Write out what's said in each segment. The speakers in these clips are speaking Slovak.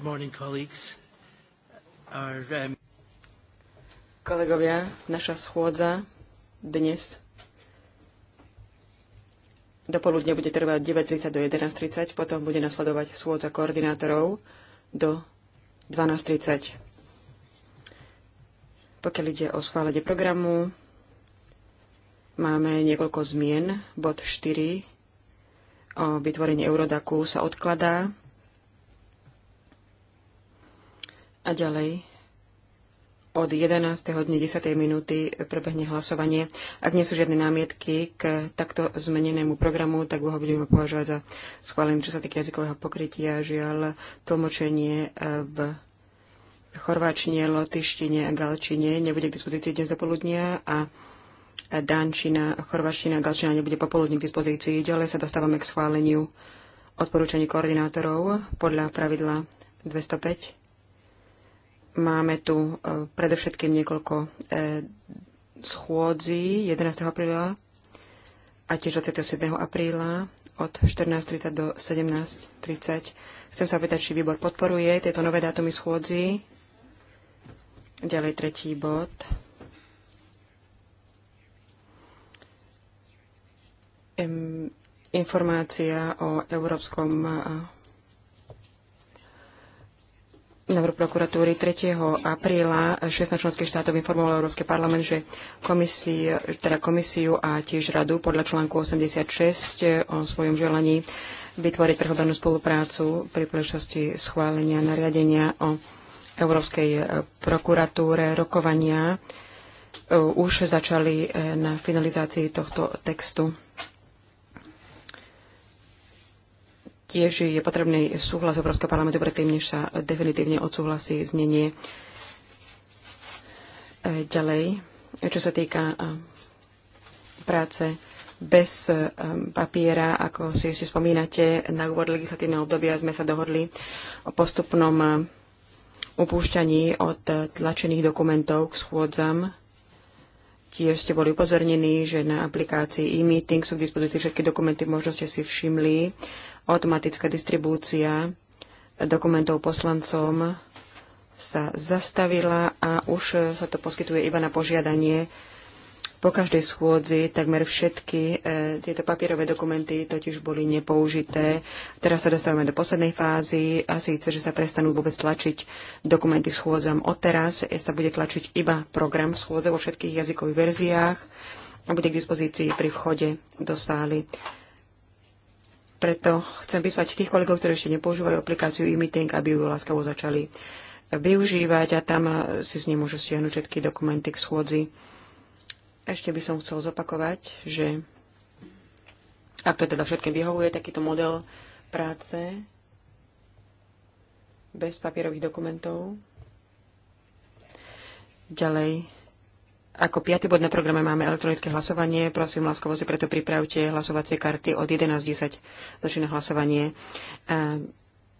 Good morning, colleagues. Our, um... Kolegovia, naša schôdza dnes dopoludne bude trvať 9.30 do 11.30, potom bude nasledovať schôdza koordinátorov do 12.30. Pokiaľ ide o schválenie programu, máme niekoľko zmien. Bod 4 o vytvorení Eurodaku sa odkladá. A ďalej od 11. hodne 10. minúty prebehne hlasovanie. Ak nie sú žiadne námietky k takto zmenenému programu, tak ho budeme považovať za schválený, čo sa týka jazykového pokrytia. Žiaľ, tlmočenie eh, v chorváčine, lotyštine a galčine nebude k dispozícii dnes do poludnia a dánčina, chorváčina a galčina nebude popoludní k dispozícii. Ďalej sa dostávame k schváleniu odporúčaní koordinátorov podľa pravidla 205 Máme tu e, predovšetkým niekoľko e, schôdzí 11. apríla a tiež 27. apríla od 14.30 do 17.30. Chcem sa opýtať, či výbor podporuje tieto nové dátumy schôdzi. Ďalej tretí bod. Informácia o Európskom e, návrh prokuratúry 3. apríla 16 členských štátov informoval Európsky parlament, že komisii, teda komisiu a tiež radu podľa článku 86 o svojom želaní vytvoriť prehlbenú spoluprácu pri príležitosti schválenia nariadenia o Európskej e, prokuratúre rokovania e, už začali e, na finalizácii tohto textu. Tiež je potrebný súhlas Európskeho parlamentu predtým, než sa definitívne odsúhlasí znenie e, ďalej. Čo sa týka e, práce bez e, papiera, ako si ešte spomínate, na úvod legislatívneho obdobia sme sa dohodli o postupnom upúšťaní od tlačených dokumentov k schôdzam. Tiež ste boli upozornení, že na aplikácii e-meeting sú k dispozícii všetky dokumenty, možno ste si všimli automatická distribúcia dokumentov poslancom sa zastavila a už sa to poskytuje iba na požiadanie. Po každej schôdzi takmer všetky e, tieto papierové dokumenty totiž boli nepoužité. Teraz sa dostávame do poslednej fázy a síce, že sa prestanú vôbec tlačiť dokumenty schôdzam E, Sa bude tlačiť iba program schôdze vo všetkých jazykových verziách a bude k dispozícii pri vchode do sály. Preto chcem vyzvať tých kolegov, ktorí ešte nepoužívajú aplikáciu e-meeting, aby ju láskavo začali využívať a tam si z nej môžu stiahnuť všetky dokumenty k schôdzi. Ešte by som chcel zopakovať, že ak to teda všetkým vyhovuje, takýto model práce bez papierových dokumentov. Ďalej ako piaty bod na programe máme elektronické hlasovanie. Prosím, láskovo si preto pripravte hlasovacie karty od 11.10. Začína hlasovanie.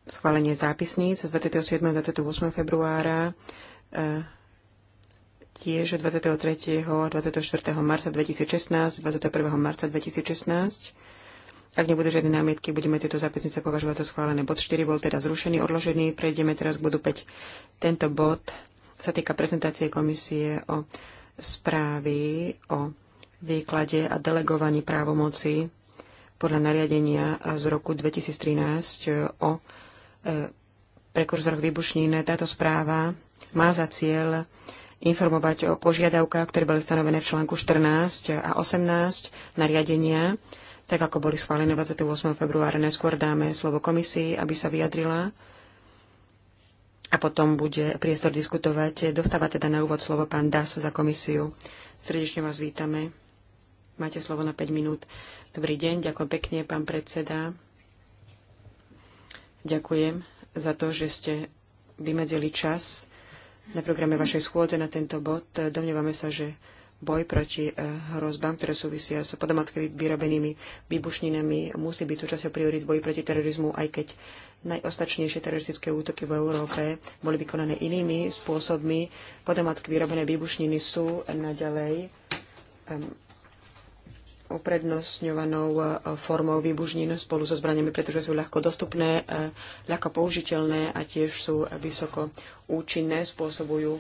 Schválenie zápisníc z 27. a 28. februára tiež 23. a 24. marca 2016, 21. marca 2016. Ak nebude žiadne námietky, budeme tieto zápisnice považovať za schválené. Bod 4 bol teda zrušený, odložený. Prejdeme teraz k bodu 5. Tento bod sa týka prezentácie komisie o správy o výklade a delegovaní právomoci podľa nariadenia z roku 2013 o e, prekurzoroch výbušnín. Táto správa má za cieľ informovať o požiadavkách, ktoré boli stanovené v článku 14 a 18 nariadenia, tak ako boli schválené 28. februára. Neskôr dáme slovo komisii, aby sa vyjadrila a potom bude priestor diskutovať. Dostáva teda na úvod slovo pán Das za komisiu. Srdečne vás vítame. Máte slovo na 5 minút. Dobrý deň, ďakujem pekne, pán predseda. Ďakujem za to, že ste vymedzili čas na programe vašej schôdze na tento bod. Domnievame sa, že boj proti eh, hrozbám, ktoré súvisia s podomacky vyrobenými výbušninami, musí byť súčasťou priorít boji proti terorizmu, aj keď najostačnejšie teroristické útoky v Európe boli vykonané inými spôsobmi. Podomacky vyrobené výbušniny sú naďalej um, uprednostňovanou eh, formou výbužnín spolu so zbraniami, pretože sú ľahko dostupné, eh, ľahko použiteľné a tiež sú vysoko účinné, spôsobujú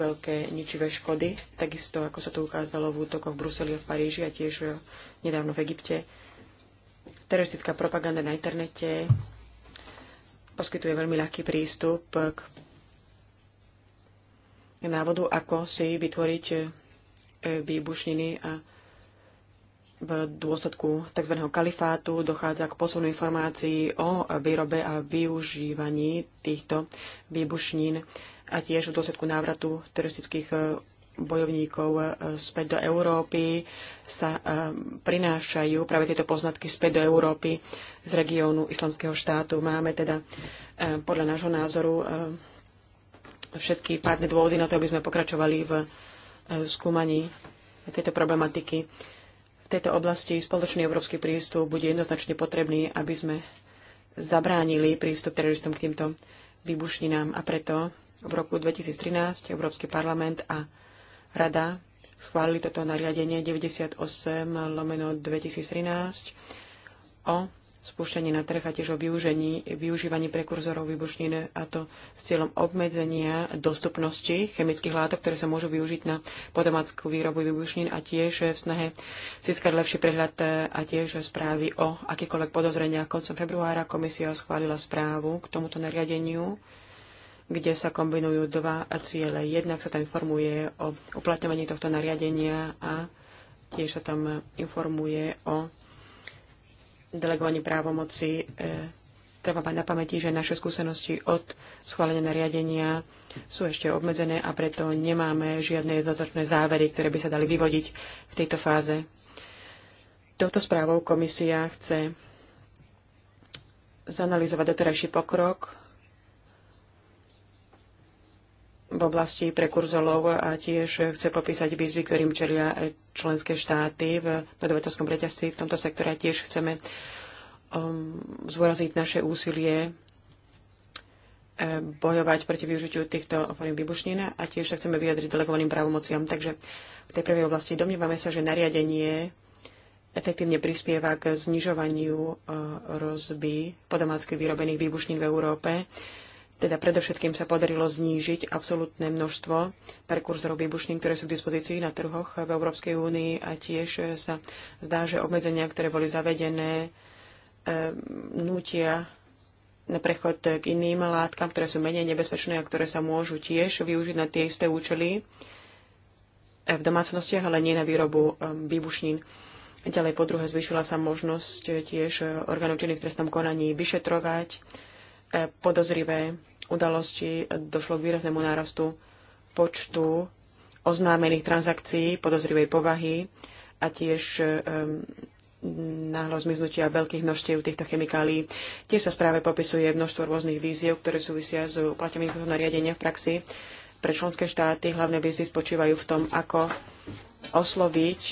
veľké ničivé škody, takisto ako sa to ukázalo v útokoch v Bruseli a v Paríži a tiež nedávno v Egypte. Teroristická propaganda na internete poskytuje veľmi ľahký prístup k návodu, ako si vytvoriť e, výbušniny a v dôsledku tzv. kalifátu dochádza k posunu informácií o výrobe a využívaní týchto výbušnín a tiež v dôsledku návratu teroristických e, bojovníkov e, späť do Európy sa e, prinášajú práve tieto poznatky späť do Európy z regiónu Islamského štátu. Máme teda podľa nášho názoru všetky pádne dôvody na to, aby sme pokračovali v skúmaní tejto problematiky. V tejto oblasti spoločný európsky prístup bude jednoznačne potrebný, aby sme zabránili prístup teroristom k týmto výbušninám a preto v roku 2013 Európsky parlament a Rada schválili toto nariadenie 98 lomeno 2013 o spúšťaní na trh a tiež o využení, využívaní prekurzorov výbušnín a to s cieľom obmedzenia dostupnosti chemických látok, ktoré sa môžu využiť na podomackú výrobu výbušnín a tiež v snahe získať lepší prehľad e, a tiež správy o akýkoľvek podozrenia. Koncom februára komisia schválila správu k tomuto nariadeniu kde sa kombinujú dva ciele. Jednak sa tam informuje o uplatňovaní tohto nariadenia a tiež sa tam informuje o delegovaní právomoci. E, treba mať na pamäti, že naše skúsenosti od schválenia nariadenia sú ešte obmedzené a preto nemáme žiadne jednoznačné závery, ktoré by sa dali vyvodiť v tejto fáze. Touto správou komisia chce zanalizovať doterajší pokrok v oblasti prekurzolov a tiež chce popísať výzvy, ktorým čelia členské štáty v dodavateľskom reťazství v tomto sektore. Tiež chceme um, zvoraziť naše úsilie eh, bojovať proti využitiu týchto foriem výbušnín a tiež sa chceme vyjadriť delegovaným právomociam. Takže v tej prvej oblasti domnívame sa, že nariadenie efektívne prispieva k znižovaniu eh, rozby podomácky vyrobených výbušnín v Európe teda predovšetkým sa podarilo znížiť absolútne množstvo prekurzorov výbušnín, ktoré sú k dispozícii na trhoch v Európskej únii a tiež sa zdá, že obmedzenia, ktoré boli zavedené, ehm, nútia na prechod k iným látkam, ktoré sú menej nebezpečné a ktoré sa môžu tiež využiť na tie isté účely eh, v domácnostiach, ale nie na výrobu ehm, výbušnín. Ďalej po druhé zvýšila sa možnosť tiež eh, orgánov činných trestnom konaní vyšetrovať eh, podozrivé udalostí došlo k výraznému nárastu počtu oznámených transakcií podozrivej povahy a tiež um, náhlo zmiznutia veľkých množstiev týchto chemikálií. Tiež sa správe popisuje množstvo rôznych víziev, ktoré súvisia s uplatňovaním tohto nariadenia v praxi. Pre členské štáty hlavné vízie spočívajú v tom, ako osloviť,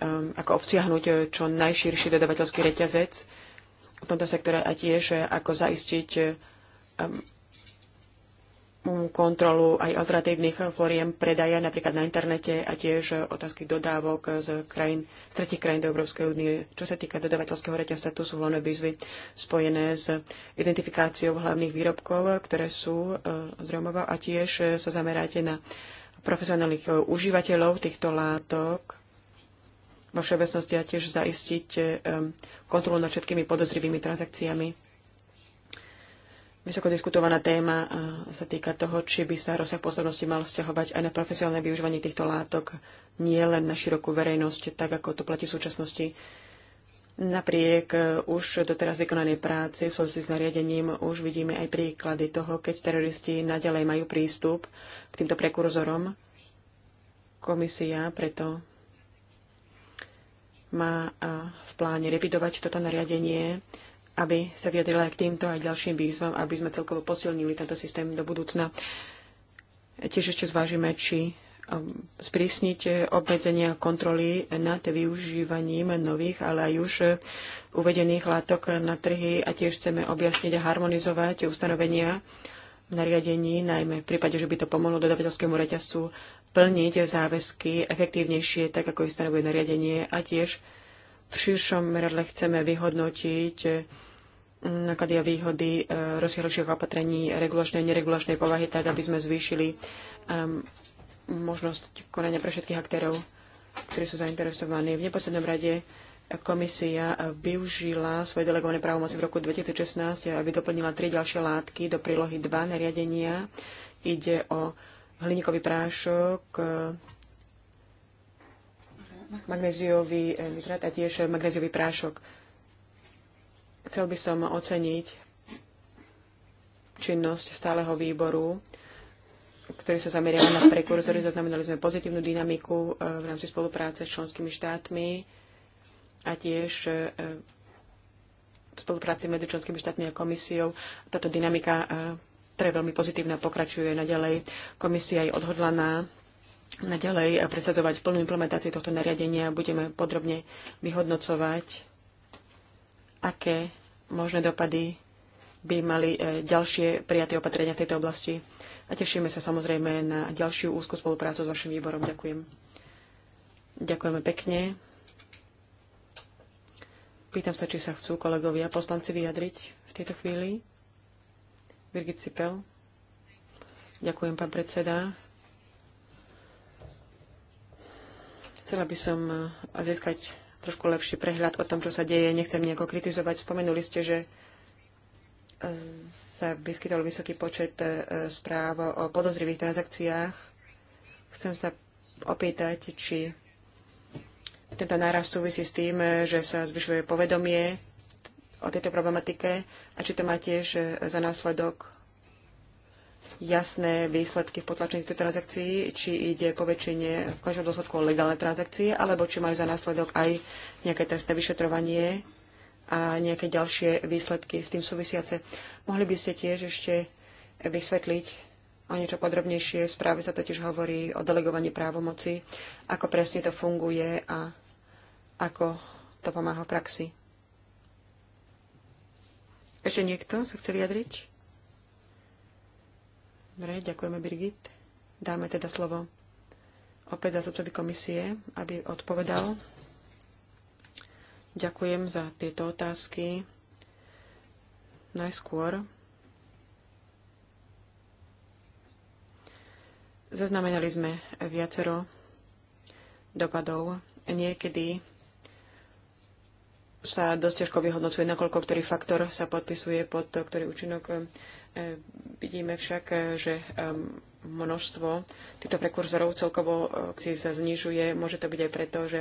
um, ako obsiahnuť čo najširší dodavateľský reťazec v tomto sektore a tiež ako zaistiť um, kontrolu aj alternatívnych fóriem predaja napríklad na internete a tiež otázky dodávok z krajín, z tretich krajín do Európskej únie. Čo sa týka dodavateľského reťazca, tu sú hlavné výzvy spojené s identifikáciou hlavných výrobkov, ktoré sú e, z Romova a tiež sa zameráte na profesionálnych užívateľov týchto látok vo všeobecnosti a tiež zaistiť e, kontrolu nad všetkými podozrivými transakciami Vysoko diskutovaná téma sa týka toho, či by sa rozsah pozornosti mal vzťahovať aj na profesionálne využívanie týchto látok, nie len na širokú verejnosť, tak ako to platí v súčasnosti. Napriek e, už doteraz vykonanej práci v súvislosti s nariadením už vidíme aj príklady toho, keď teroristi nadalej majú prístup k týmto prekurzorom. Komisia preto má e, v pláne revidovať toto nariadenie aby sa vyjadrila aj k týmto aj ďalším výzvam, aby sme celkovo posilnili tento systém do budúcna. Tiež ešte zvážime, či um, sprísniť obmedzenia kontroly nad využívaním nových, ale aj už uh, uvedených látok na trhy a tiež chceme objasniť a harmonizovať ustanovenia v nariadení, najmä v prípade, že by to pomohlo dodavateľskému reťazcu plniť záväzky efektívnejšie, tak ako ich stanovuje nariadenie a tiež v širšom meradle chceme vyhodnotiť náklady a výhody e, rozsiahlejších opatrení regulačnej a neregulačnej povahy, tak aby sme zvýšili možnosť konania pre všetkých aktérov, ktorí sú zainteresovaní. V neposlednom rade komisia využila svoje delegované právomoci v roku 2016, aby doplnila tri ďalšie látky do prílohy 2 nariadenia. Ide o hliníkový prášok, magnéziový nitrát a tiež magnéziový prášok. Chcel by som oceniť činnosť stáleho výboru, ktorý sa zameriava na prekurzory. Zaznamenali sme pozitívnu dynamiku e, v rámci spolupráce s členskými štátmi a tiež v e, e, spolupráci medzi členskými štátmi a komisiou. Táto dynamika, ktorá je veľmi pozitívna, pokračuje naďalej. Komisia je odhodlaná naďalej predsedovať plnú implementáciu tohto nariadenia. Budeme podrobne vyhodnocovať aké možné dopady by mali e, ďalšie prijaté opatrenia v tejto oblasti. A tešíme sa samozrejme na ďalšiu úzku spoluprácu s vašim výborom. Ďakujem. Ďakujeme pekne. Pýtam sa, či sa chcú kolegovia poslanci vyjadriť v tejto chvíli. Birgit Cipel. Ďakujem, pán predseda. Chcela by som e, získať trošku lepší prehľad o tom, čo sa deje. Nechcem nejako kritizovať. Spomenuli ste, že sa vyskytol vysoký počet e, správ o podozrivých transakciách. Chcem sa opýtať, či tento nárast súvisí s tým, e, že sa zvyšuje povedomie o tejto problematike a či to má tiež e, za následok jasné výsledky v potlačení týchto transakcií, či ide po väčšine v každom dôsledku o legálne transakcie, alebo či majú za následok aj nejaké trestné vyšetrovanie a nejaké ďalšie výsledky s tým súvisiace. Mohli by ste tiež ešte vysvetliť o niečo podrobnejšie. V správe sa totiž hovorí o delegovaní právomoci, ako presne to funguje a ako to pomáha v praxi. Ešte niekto sa chce vyjadriť? Dobre, ďakujeme Birgit. Dáme teda slovo opäť za zodpovedy komisie, aby odpovedal. Ďakujem za tieto otázky. Najskôr zaznamenali sme viacero dopadov. Niekedy sa dosť ťažko vyhodnocuje, nakoľko ktorý faktor sa podpisuje pod ktorý účinok E, vidíme však, e, že e, množstvo týchto prekurzorov celkovo si sa znižuje. Môže to byť aj preto, že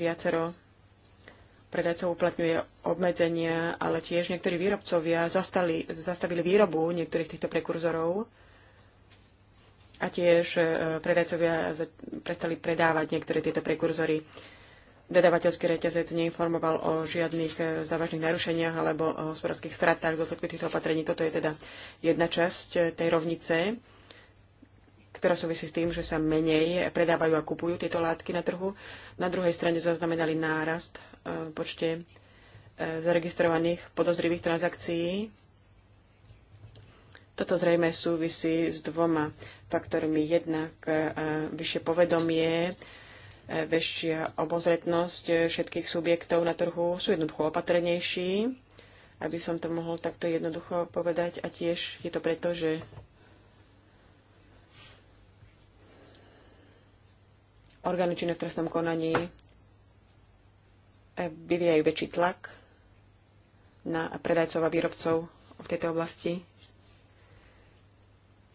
viacero predajcov uplatňuje obmedzenia, ale tiež niektorí výrobcovia zastali, zastavili výrobu niektorých týchto prekurzorov a tiež predajcovia prestali predávať niektoré tieto prekurzory dodavateľský reťazec neinformoval o žiadnych e, závažných narušeniach alebo o hospodárskych stratách v dôsledku týchto opatrení. Toto je teda jedna časť e, tej rovnice, ktorá súvisí s tým, že sa menej predávajú a kupujú tieto látky na trhu. Na druhej strane zaznamenali nárast e, počte zaregistrovaných podozrivých transakcií. Toto zrejme súvisí s dvoma faktormi. Jednak vyššie povedomie väčšia obozretnosť všetkých subjektov na trhu, sú jednoducho opatrnejší, aby som to mohol takto jednoducho povedať. A tiež je to preto, že orgány činné v trestnom konaní eh, vyvíjajú väčší tlak na predajcov a výrobcov v tejto oblasti.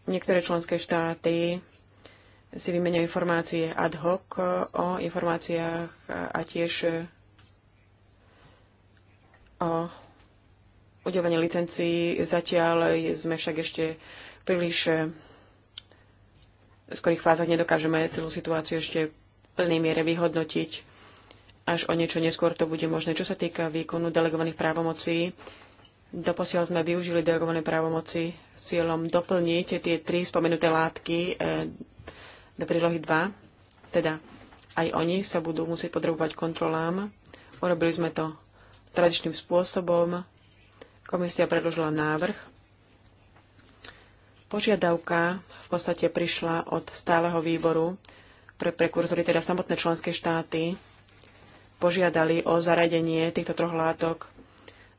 Niektoré členské štáty si vymenia informácie ad hoc e, o informáciách e, a tiež e, o udelenie licencií. Zatiaľ sme však ešte príliš v skorých fázach nedokážeme celú situáciu ešte v plnej miere vyhodnotiť. Až o niečo neskôr to bude možné. Čo sa týka výkonu delegovaných právomocí, doposiaľ sme využili delegované právomoci s cieľom doplniť tie tri spomenuté látky do prílohy 2. Teda aj oni sa budú musieť podrobovať kontrolám. Urobili sme to tradičným spôsobom. Komisia predložila návrh. Požiadavka v podstate prišla od stáleho výboru pre prekurzory, teda samotné členské štáty požiadali o zaradenie týchto troch látok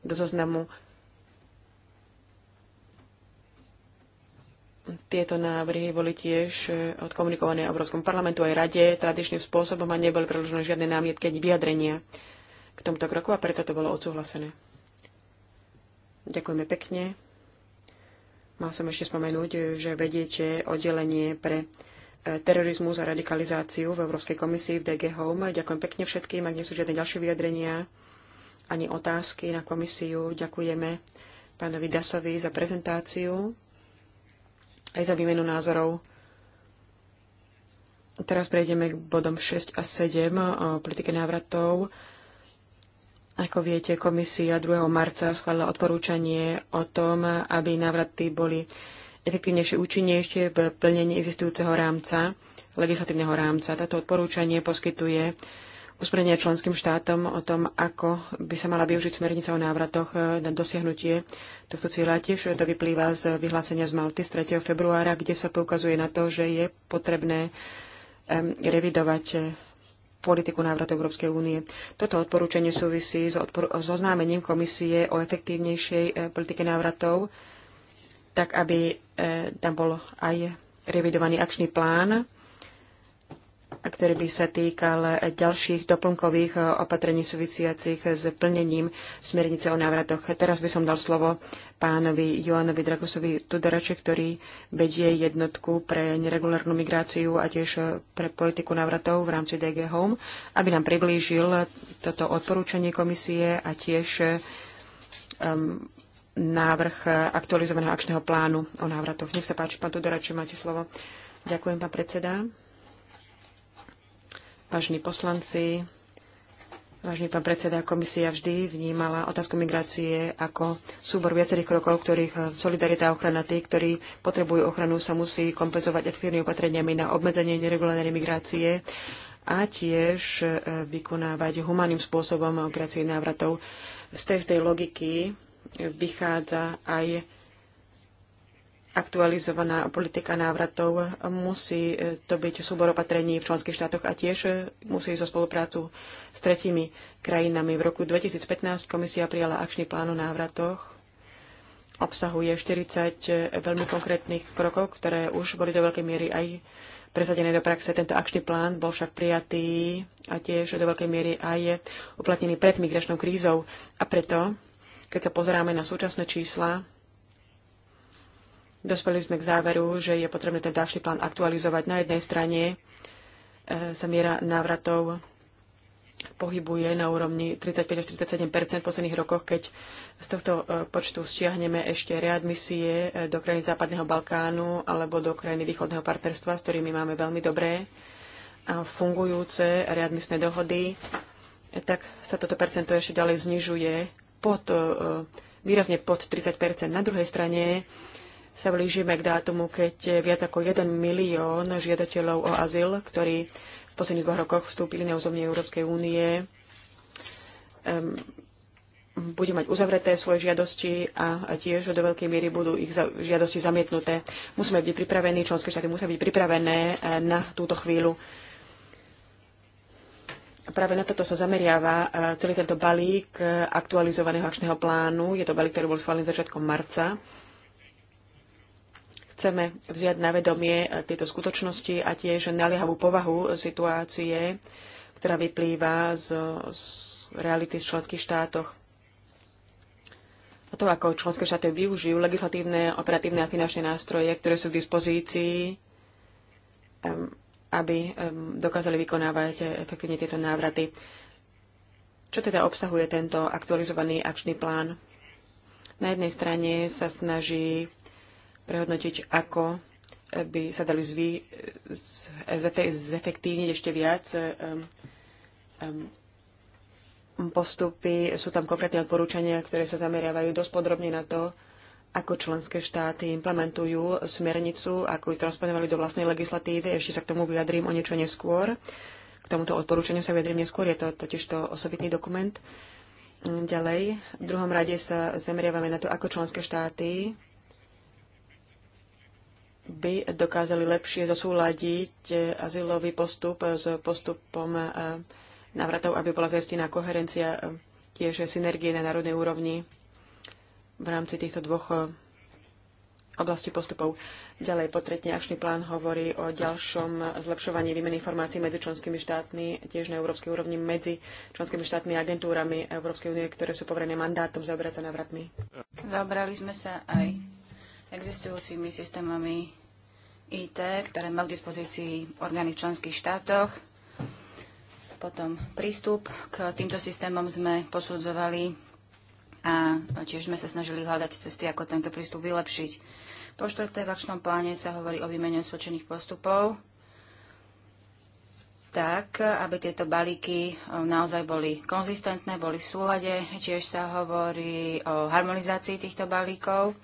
do zoznamu Tieto návrhy boli tiež e, odkomunikované Európskom parlamentu aj rade tradičným spôsobom a neboli preložené žiadne námietky ani vyjadrenia k tomuto kroku a preto to bolo odsúhlasené. Ďakujeme pekne. Mal som ešte spomenúť, e, že vediete oddelenie pre e, terorizmus a radikalizáciu v Európskej komisii v DG Home. Ďakujem pekne všetkým, ak nie sú žiadne ďalšie vyjadrenia ani otázky na komisiu. Ďakujeme pánovi Dasovi za prezentáciu aj za výmenu názorov. Teraz prejdeme k bodom 6 a 7 o politike návratov. Ako viete, komisia 2. marca schválila odporúčanie o tom, aby návraty boli efektívnejšie, účinnejšie v plnení existujúceho rámca, legislatívneho rámca. Táto odporúčanie poskytuje usmerenia členským štátom o tom, ako by sa mala využiť smernica o návratoch e, na dosiahnutie tohto cieľa. Tiež to vyplýva z vyhlásenia z Malty z 3. februára, kde sa poukazuje na to, že je potrebné revidovať e, politiku návratu Európskej únie. Toto odporúčanie súvisí s odpor- oznámením komisie o efektívnejšej e, politike návratov, tak aby tam bol aj revidovaný akčný plán ktorý by sa týkal ďalších doplnkových opatrení súvisiacich s plnením smernice o návratoch. Teraz by som dal slovo pánovi Joanovi Dragosovi Tudorače, ktorý vedie jednotku pre neregulárnu migráciu a tiež pre politiku návratov v rámci DG Home, aby nám priblížil toto odporúčanie komisie a tiež um, návrh aktualizovaného akčného plánu o návratoch. Nech sa páči, pán Tudorače, máte slovo. Ďakujem, pán predseda. Vážení poslanci, vážený pán predseda, komisia vždy vnímala otázku migrácie ako súbor viacerých krokov, ktorých eh, solidarita a ochrana tých, ktorí potrebujú ochranu, sa musí kompenzovať aktívnymi opatreniami na obmedzenie neregulárnej migrácie a tiež eh, vykonávať humánnym spôsobom migrácie návratov. Z tej, z tej logiky vychádza aj aktualizovaná politika návratov. Musí e, to byť súbor opatrení v členských štátoch a tiež e, musí ísť so spoluprácu s tretími krajinami. V roku 2015 komisia prijala akčný plán o návratoch. Obsahuje 40 e, veľmi konkrétnych krokov, ktoré už boli do veľkej miery aj presadené do praxe. Tento akčný plán bol však prijatý a tiež do veľkej miery aj je uplatnený pred migračnou krízou. A preto, keď sa pozeráme na súčasné čísla, Dospeli sme k záveru, že je potrebné ten ďalší plán aktualizovať. Na jednej strane e, sa miera návratov pohybuje na úrovni 35 až 37 v posledných rokoch, keď z tohto e, počtu stiahneme ešte readmisie e, do krajiny Západného Balkánu alebo do krajiny Východného partnerstva, s ktorými máme veľmi dobré a fungujúce readmisné dohody, tak sa toto percento ešte ďalej znižuje pod, výrazne pod 30 Na druhej strane sa blížime k dátumu, keď viac ako 1 milión žiadateľov o azyl, ktorí v posledných dvoch rokoch vstúpili na územie Európskej únie, um, bude mať uzavreté svoje žiadosti a tiež do veľkej miery budú ich žiadosti zamietnuté. Musíme byť pripravení, členské štáty musia byť pripravené eh, na túto chvíľu. Práve na toto sa zameriava eh, celý tento balík eh, aktualizovaného akčného plánu. Je to balík, ktorý bol schválený začiatkom marca Chceme vziať na vedomie e, tieto skutočnosti a tiež naliehavú povahu situácie, ktorá vyplýva z, z reality v členských štátoch. A to, ako členské štáty využijú legislatívne, operatívne a finančné nástroje, ktoré sú k dispozícii, aby dokázali vykonávať efektívne tieto návraty. Čo teda obsahuje tento aktualizovaný akčný plán? Na jednej strane sa snaží prehodnotiť, ako eh, by sa dali zvy, eh, zefektívniť ešte viac eh, postupy. Sú tam konkrétne odporúčania, ktoré sa zameriavajú dosť podrobne na to, ako členské štáty implementujú smernicu, ako ju transponovali do vlastnej legislatívy. Ešte sa k tomu vyjadrím o niečo neskôr. K tomuto odporúčaniu sa vyjadrím neskôr. Je to totiž to osobitný dokument. Ďalej, v druhom rade sa zameriavame na to, ako členské štáty by dokázali lepšie zosúľadiť eh, azylový postup s postupom eh, návratov, aby bola zaistená koherencia eh, tiež synergie na národnej úrovni v rámci týchto dvoch oblasti postupov. Ďalej, potretne akčný plán hovorí o ďalšom zlepšovaní výmeny informácií medzi členskými štátmi, tiež na európskej úrovni medzi členskými štátmi a agentúrami Európskej únie, ktoré sú poverené mandátom zaoberať sa návratmi. Zaobrali sme sa aj existujúcimi systémami IT, ktoré má k dispozícii orgány v členských štátoch. Potom prístup k týmto systémom sme posudzovali a tiež sme sa snažili hľadať cesty, ako tento prístup vylepšiť. Po štvrté, v akčnom pláne sa hovorí o výmene osvedčených postupov, tak, aby tieto balíky eh, naozaj boli konzistentné, boli v súlade. Tiež sa hovorí o harmonizácii týchto balíkov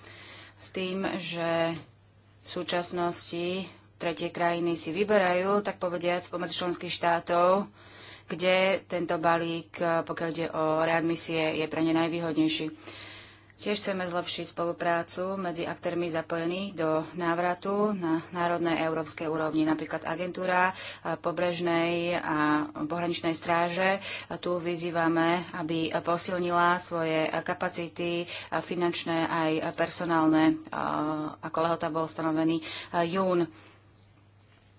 s tým, že v súčasnosti tretie krajiny si vyberajú, tak povediať, pomoc členských štátov, kde tento balík, pokiaľ ide o readmisie, je pre ne najvýhodnejší. Tiež chceme zlepšiť spoluprácu medzi aktérmi zapojených do návratu na národnej európskej úrovni, napríklad agentúra pobrežnej a pohraničnej stráže. Tu vyzývame, aby posilnila svoje kapacity finančné aj personálne, ako lehota bol stanovený jún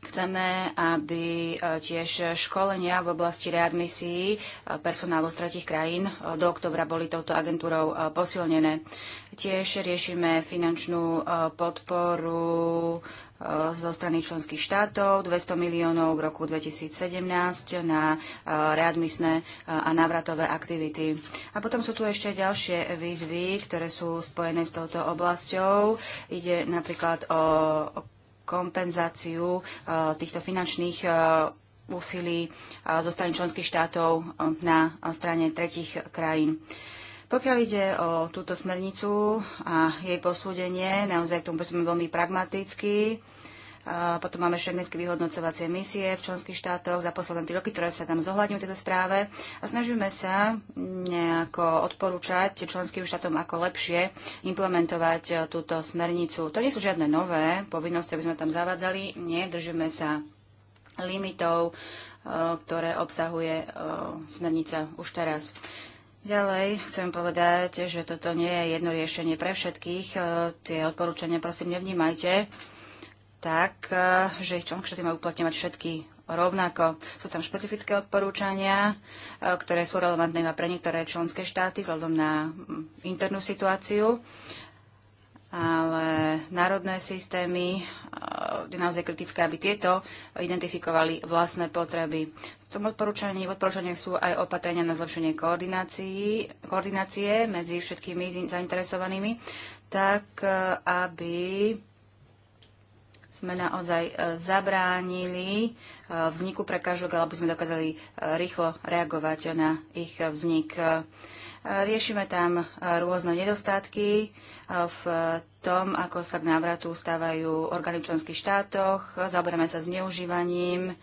Chceme, aby e, tiež školenia v oblasti readmisií e, personálu z tretich krajín e, do oktobra boli touto agentúrou posilnené. Tiež riešime finančnú podporu zo strany členských štátov, 200 miliónov v roku 2017 na readmisné a návratové aktivity. A potom sú tu ešte ďalšie výzvy, ktoré sú spojené s touto oblasťou. Ide napríklad o kompenzáciu eh, týchto finančných eh, úsilí eh, zo strany členských štátov na strane tretich krajín. Pokiaľ ide o túto smernicu a jej posúdenie, naozaj k tomu sme veľmi pragmatickí. Potom máme šengenské vyhodnocovacie misie v členských štátoch za posledné tri roky, ktoré sa tam zohľadňujú tejto správe a snažíme sa nejako odporúčať členským štátom, ako lepšie implementovať e, túto smernicu. To nie sú žiadne nové povinnosti, ktoré by sme tam zavádzali. Nie, držíme sa limitov, e, ktoré obsahuje e, smernica už teraz. Ďalej chcem povedať, že toto nie je jedno riešenie pre všetkých. Tie odporúčania prosím nevnímajte tak, e, že ich členské štáty majú uplatňovať všetky rovnako. Sú tam špecifické odporúčania, e, ktoré sú relevantné iba pre niektoré členské štáty vzhľadom na internú situáciu ale národné systémy e, je naozaj kritické, aby tieto identifikovali vlastné potreby. V tom odporúčaní, v odporúčaniach sú aj opatrenia na zlepšenie koordinácie medzi všetkými zainteresovanými, tak aby sme naozaj e, zabránili e, vzniku prekážok, alebo sme dokázali e, rýchlo reagovať na ich vznik. Riešime tam rôzne nedostatky v tom, ako sa k návratu stávajú orgány v členských štátoch, zaoberáme sa zneužívaním,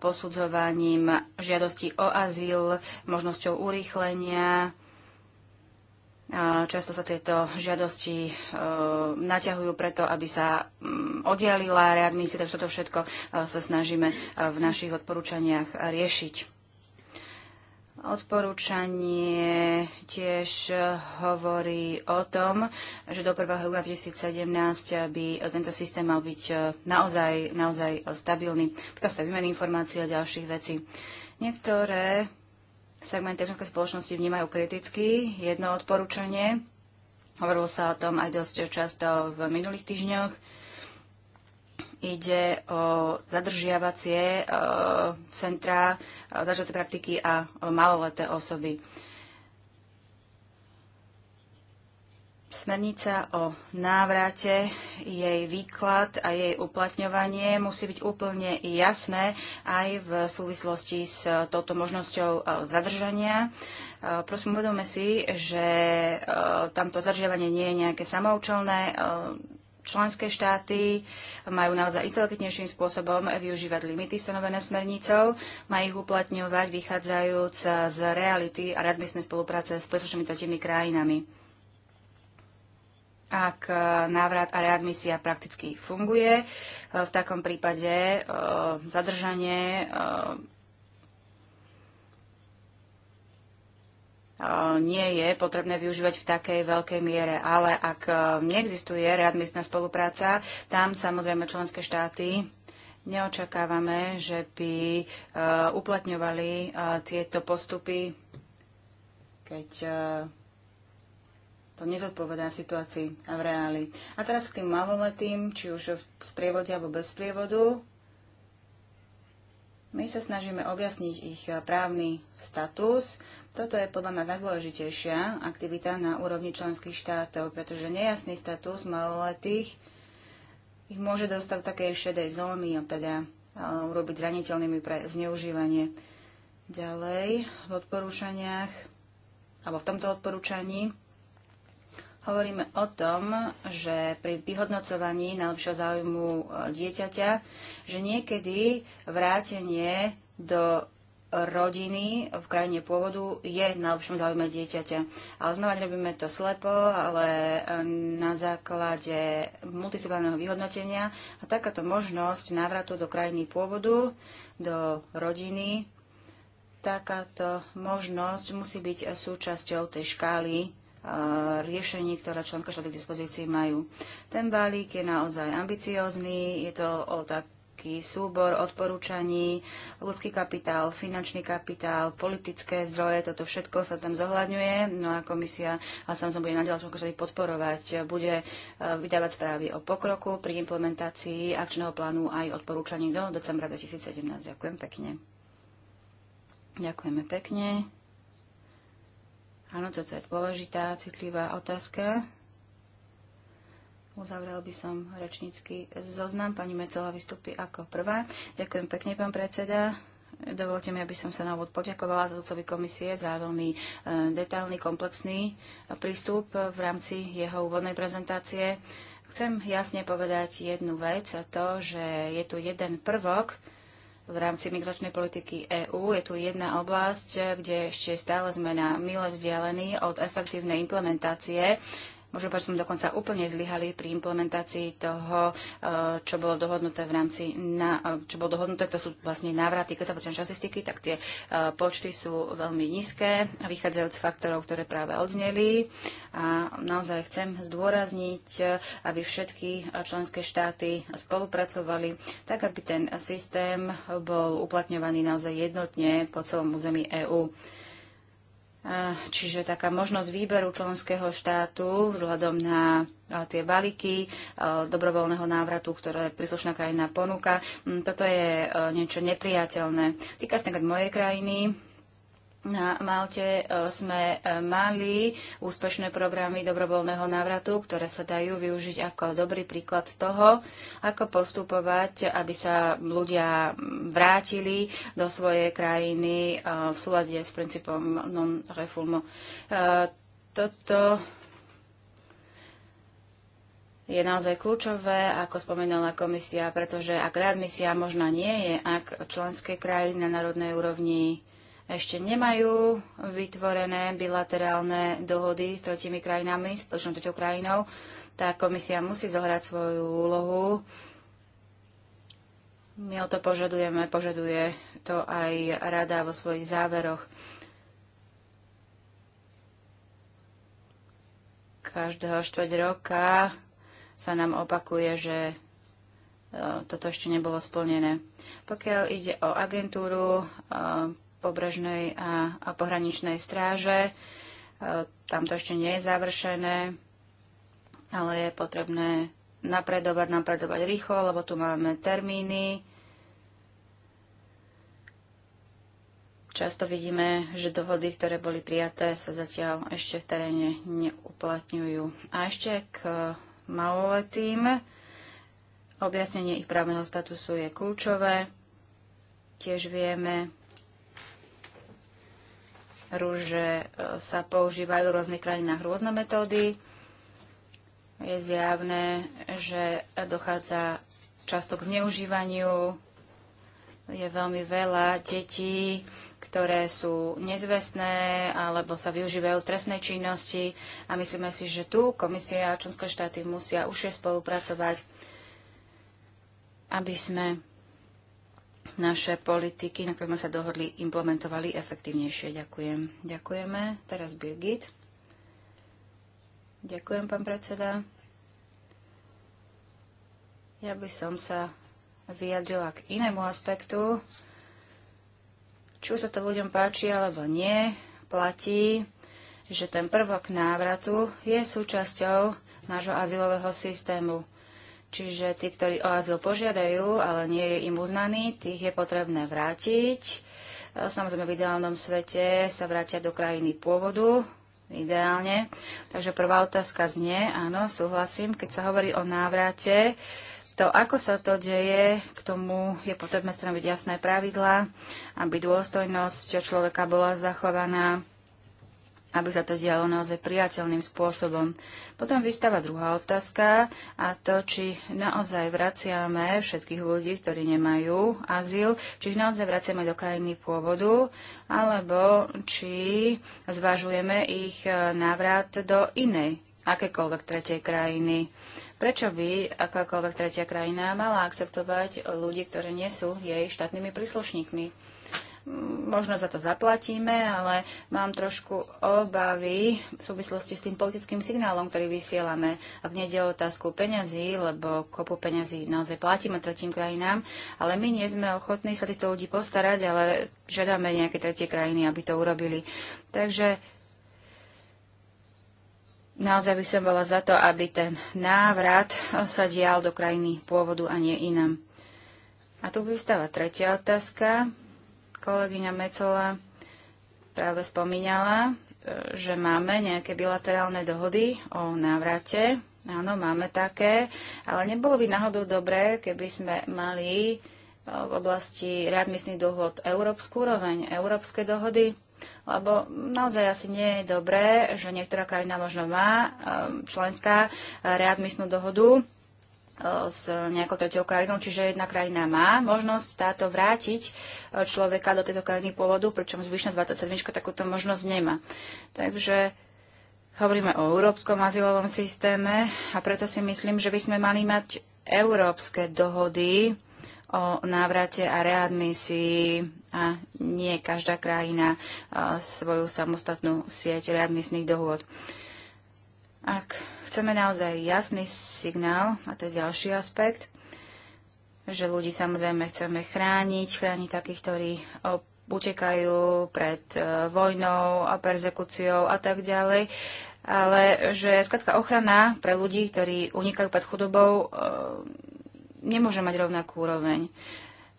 posudzovaním žiadosti o azyl, možnosťou urýchlenia, Často sa tieto žiadosti e, naťahujú preto, aby sa mm, oddialila readmisia, takže toto všetko e, sa snažíme e, v našich odporúčaniach riešiť. Odporúčanie tiež hovorí o tom, že do 1. júna 2017 by tento systém mal byť e, naozaj, naozaj stabilný. Tak sa výmeny informácií a ďalších vecí. Niektoré segmenty občianskej spoločnosti vnímajú kriticky. Jedno odporúčanie, hovorilo sa o tom aj dosť často v minulých týždňoch, ide o zadržiavacie e, centra, e, zadržiavacie praktiky a maloleté osoby. Smernica o návrate, jej výklad a jej uplatňovanie musí byť úplne jasné aj v súvislosti s touto možnosťou e, zadržania. E, prosím, uvedome si, že e, tamto zadržiavanie nie je nejaké samoučelné. Členské štáty majú naozaj inteligentnejším spôsobom využívať limity stanovené smernicou, majú ich uplatňovať vychádzajúc z reality a radmyslnej spolupráce s príslušnými tretími krajinami ak e, návrat a readmisia prakticky funguje. E, v takom prípade e, zadržanie nie je potrebné využívať v takej veľkej miere. Ale ak neexistuje readmisná spolupráca, tam samozrejme členské štáty neočakávame, že by uplatňovali tieto postupy, keď to nezodpovedá situácii a v reáli. A teraz k tým maloletým, či už v sprievode alebo bez sprievodu, my sa snažíme objasniť ich právny status. Toto je podľa mňa najdôležitejšia aktivita na úrovni členských štátov, pretože nejasný status maloletých ich môže dostať do takej šedej zóny, teda urobiť zraniteľnými pre zneužívanie. Ďalej v odporúčaniach, alebo v tomto odporúčaní hovoríme o tom, že pri vyhodnocovaní najlepšieho záujmu e, dieťaťa, že niekedy vrátenie do rodiny v krajine pôvodu je na lepšom záujme dieťaťa. Ale znova robíme to slepo, ale e, na základe multidisciplinárneho vyhodnotenia a takáto možnosť návratu do krajiny pôvodu, do rodiny, takáto možnosť musí byť súčasťou tej škály riešení, ktoré členka štáty k dispozícii majú. Ten balík je naozaj ambiciózny, je to o tak taký súbor odporúčaní, ľudský kapitál, finančný kapitál, politické zdroje, toto všetko sa tam zohľadňuje. No a komisia, a sám som bude naďalej členko podporovať, bude e, vydávať správy o pokroku pri implementácii akčného plánu aj odporúčaní do decembra 2017. Ďakujem pekne. Ďakujeme pekne. Áno, toto je dôležitá, citlivá otázka. Uzavrel by som rečnícky zoznam. Pani Mecela vystúpi ako prvá. Ďakujem pekne, pán predseda. Dovolte mi, aby som sa na úvod poďakovala Tadcovi komisie za veľmi e, detailný, komplexný e, prístup v rámci jeho úvodnej prezentácie. Chcem jasne povedať jednu vec a to, že je tu jeden prvok, v rámci migračnej politiky EÚ. Je tu jedna oblasť, kde ešte stále sme na mile vzdialení od efektívnej implementácie Možno povedať, že sme dokonca úplne zlyhali pri implementácii toho, e, čo bolo dohodnuté v rámci, na, e, čo bolo dohodnuté, to sú vlastne návraty. Keď sa štatistiky, tak tie e, počty sú veľmi nízke, vychádzajúc z faktorov, ktoré práve odzneli. A naozaj chcem zdôrazniť, aby všetky členské štáty spolupracovali, tak aby ten systém bol uplatňovaný naozaj jednotne po celom území EÚ. Čiže taká možnosť výberu členského štátu vzhľadom na tie balíky dobrovoľného návratu, ktoré príslušná krajina ponúka. Mm, toto je niečo nepriateľné. Týka sa mojej krajiny, na Malte e, sme e, mali úspešné programy dobrovoľného návratu, ktoré sa dajú využiť ako dobrý príklad toho, ako postupovať, aby sa ľudia vrátili do svojej krajiny e, v súlade s princípom non-refulmo. Toto je naozaj kľúčové, ako spomínala komisia, pretože ak readmisia možná nie je, ak členské krajiny na národnej úrovni ešte nemajú vytvorené bilaterálne dohody s tretimi krajinami, s spoločnou tretou krajinou, tá komisia musí zohrať svoju úlohu. My o to požadujeme, požaduje to aj rada vo svojich záveroch. Každého štvrť roka sa nám opakuje, že e, toto ešte nebolo splnené. Pokiaľ ide o agentúru e, pobrežnej a, a pohraničnej stráže. E, tam to ešte nie je završené, ale je potrebné napredovať, napredovať rýchlo, lebo tu máme termíny. Často vidíme, že dohody, ktoré boli prijaté, sa zatiaľ ešte v teréne neuplatňujú. A ešte k maloletým. Objasnenie ich právneho statusu je kľúčové. Tiež vieme, rúže e, sa používajú v rôznych krajinách rôzne metódy. Je zjavné, že dochádza často k zneužívaniu. Je veľmi veľa detí, ktoré sú nezvestné alebo sa využívajú v trestnej činnosti a myslíme si, že tu komisia a členské štáty musia užšie spolupracovať, aby sme naše politiky, na ktoré sme sa dohodli, implementovali efektívnejšie. Ďakujem. Ďakujeme. Teraz Birgit. Ďakujem, pán predseda. Ja by som sa vyjadrila k inému aspektu. Čo sa to ľuďom páči alebo nie, platí, že ten prvok návratu je súčasťou nášho azylového systému. Čiže tí, ktorí o azyl požiadajú, ale nie je im uznaný, tých je potrebné vrátiť. E, Samozrejme, v ideálnom svete sa vrátia do krajiny pôvodu, ideálne. Takže prvá otázka znie, áno, súhlasím, keď sa hovorí o návrate, to, ako sa to deje, k tomu je potrebné stanoviť jasné pravidlá, aby dôstojnosť človeka bola zachovaná, aby sa to dialo naozaj priateľným spôsobom. Potom vystáva druhá otázka a to, či naozaj vraciame všetkých ľudí, ktorí nemajú azyl, či ich naozaj vraciame do krajiny pôvodu, alebo či zvažujeme ich e, návrat do inej akékoľvek tretej krajiny. Prečo by akákoľvek tretia krajina mala akceptovať ľudí, ktorí nie sú jej štátnymi príslušníkmi? možno za to zaplatíme, ale mám trošku obavy v súvislosti s tým politickým signálom, ktorý vysielame. Ak nejde o otázku peňazí, lebo kopu peňazí naozaj platíme tretím krajinám, ale my nie sme ochotní sa týchto ľudí postarať, ale žiadame nejaké tretie krajiny, aby to urobili. Takže naozaj by som bola za to, aby ten návrat sa dial do krajiny pôvodu a nie inam. A tu vystáva tretia otázka. Kolegyňa Mecola práve spomínala, e, že máme nejaké bilaterálne dohody o návrate. Áno, máme také, ale nebolo by náhodou dobré, keby sme mali e, v oblasti readmisných dohod európsku úroveň, európske dohody, lebo naozaj asi nie je dobré, že niektorá krajina možno má e, členská readmisnú dohodu, s nejakou tretou krajinou, čiže jedna krajina má možnosť táto vrátiť e, človeka do tejto krajiny pôvodu, pričom zvyšná 27 takúto možnosť nemá. Takže hovoríme o európskom azylovom systéme a preto si myslím, že by sme mali mať európske dohody o návrate a readmisii a nie každá krajina e, svoju samostatnú sieť readmisných dohôd. Uh, ak chceme naozaj jasný signál, a to je ďalší aspekt, že ľudí samozrejme chceme chrániť, chrániť takých, ktorí utekajú pred e, vojnou a persekúciou a tak ďalej, ale že skladka ochrana pre ľudí, ktorí unikajú pred chudobou, e, nemôže mať rovnakú úroveň.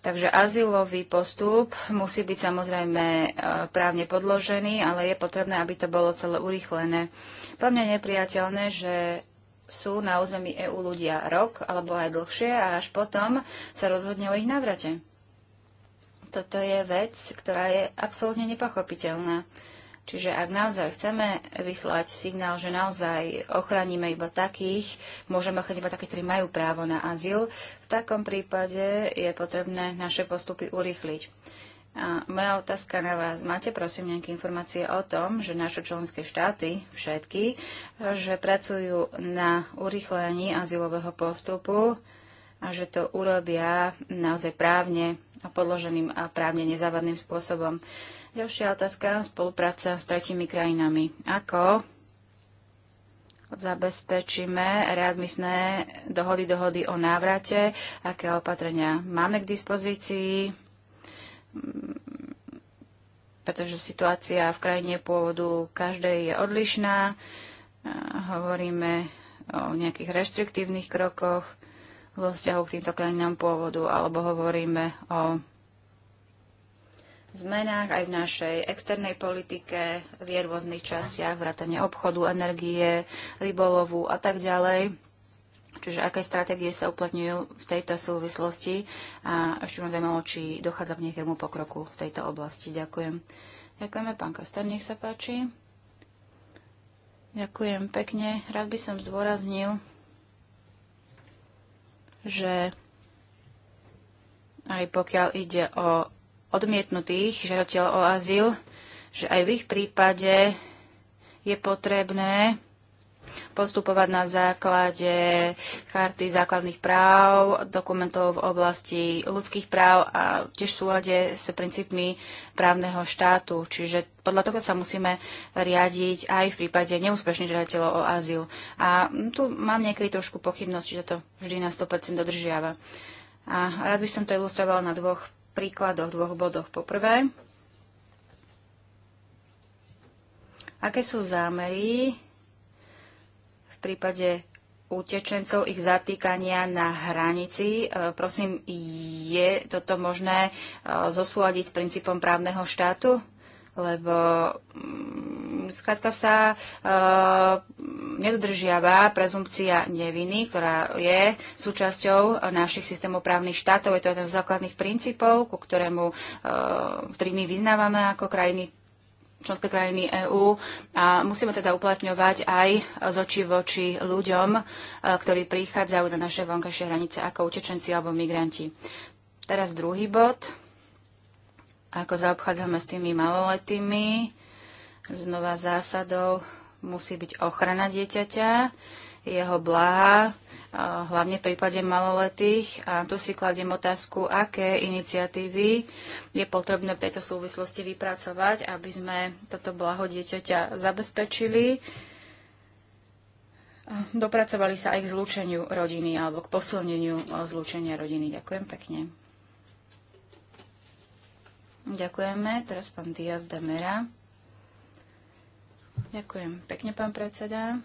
Takže azylový postup musí byť samozrejme e, právne podložený, ale je potrebné, aby to bolo celé urýchlené. Pre mňa je nepriateľné, že sú na území EÚ ľudia rok alebo aj dlhšie a až potom sa rozhodne o ich návrate. Toto je vec, ktorá je absolútne nepochopiteľná. Čiže ak naozaj chceme vyslať signál, že naozaj ochránime iba takých, môžeme ochrániť iba takých, ktorí majú právo na azyl, v takom prípade je potrebné naše postupy urýchliť. A moja otázka na vás. Máte prosím nejaké informácie o tom, že naše členské štáty, všetky, že pracujú na urýchlení azylového postupu a že to urobia naozaj právne podloženým a právne nezávadným spôsobom. Ďalšia otázka, spolupráca s tretimi krajinami. Ako zabezpečíme readmisné dohody, dohody o návrate, aké opatrenia máme k dispozícii, pretože situácia v krajine pôvodu každej je odlišná. Hovoríme o nejakých reštriktívnych krokoch, vo vzťahu k týmto krajinám pôvodu, alebo hovoríme o zmenách aj v našej externej politike, v jej rôznych častiach, vrátane obchodu, energie, rybolovu a tak ďalej. Čiže aké stratégie sa uplatňujú v tejto súvislosti a ešte ma zaujímalo, či dochádza k nejakému pokroku v tejto oblasti. Ďakujem. Ďakujeme, pán Kastar, nech sa páči. Ďakujem pekne. Rád by som zdôraznil, že aj pokiaľ ide o odmietnutých žiadateľov o azyl, že aj v ich prípade je potrebné postupovať na základe charty základných práv, dokumentov v oblasti ľudských práv a tiež v súlade s princípmi právneho štátu. Čiže podľa toho sa musíme riadiť aj v prípade neúspešných žiadateľov o azyl. A tu mám niekedy trošku pochybnosť, že to vždy na 100% dodržiava. A rád by som to ilustroval na dvoch príkladoch, dvoch bodoch. Poprvé, aké sú zámery prípade utečencov, ich zatýkania na hranici. E, prosím, je toto možné e, zosúľadiť s princípom právneho štátu? lebo mm, skrátka sa e, nedodržiava prezumpcia neviny, ktorá je súčasťou našich systémov právnych štátov. Je to jeden z základných princípov, ku ktorému, e, ktorý my vyznávame ako krajiny členské krajiny EÚ a musíme teda uplatňovať aj z očí voči ľuďom, e, ktorí prichádzajú na naše vonkajšie hranice ako utečenci alebo migranti. Teraz druhý bod, ako zaobchádzame s tými maloletými. Znova zásadou musí byť ochrana dieťaťa, jeho blaha, hlavne v prípade maloletých. A tu si kladiem otázku, aké iniciatívy je potrebné v tejto súvislosti vypracovať, aby sme toto blaho dieťaťa zabezpečili. Dopracovali sa aj k zlúčeniu rodiny alebo k posilneniu e, zlúčenia rodiny. Ďakujem pekne. Ďakujeme. Teraz pán Diaz Demera. Ďakujem pekne, pán predseda.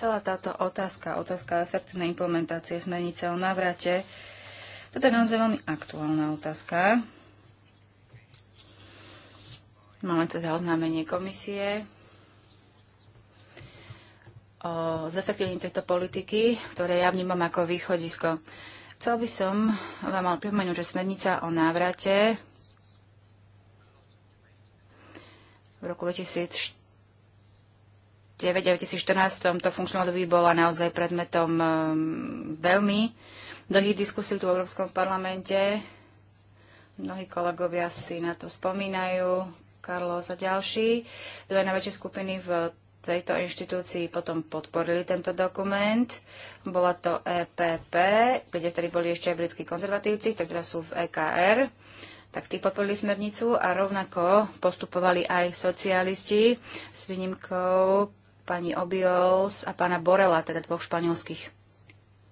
celá táto otázka, otázka efektívnej implementácie smernice o navrate, toto je naozaj veľmi aktuálna otázka. Máme teda oznámenie komisie o zefektívnení tejto politiky, ktoré ja vnímam ako východisko. Chcel by som vám mal pripomenúť, že smernica o návrate v roku 2004 2009-2014 to funkčné období bola naozaj predmetom um, veľmi dlhých diskusí tu v Európskom parlamente. Mnohí kolegovia si na to spomínajú, Carlos a ďalší. Dve najväčšie skupiny v tejto inštitúcii potom podporili tento dokument. Bola to EPP, kde vtedy boli ešte aj britskí konzervatívci, ktorí teda sú v EKR. Tak tí podporili smernicu a rovnako postupovali aj socialisti s výnimkou pani Obios a pána Borela, teda dvoch španielských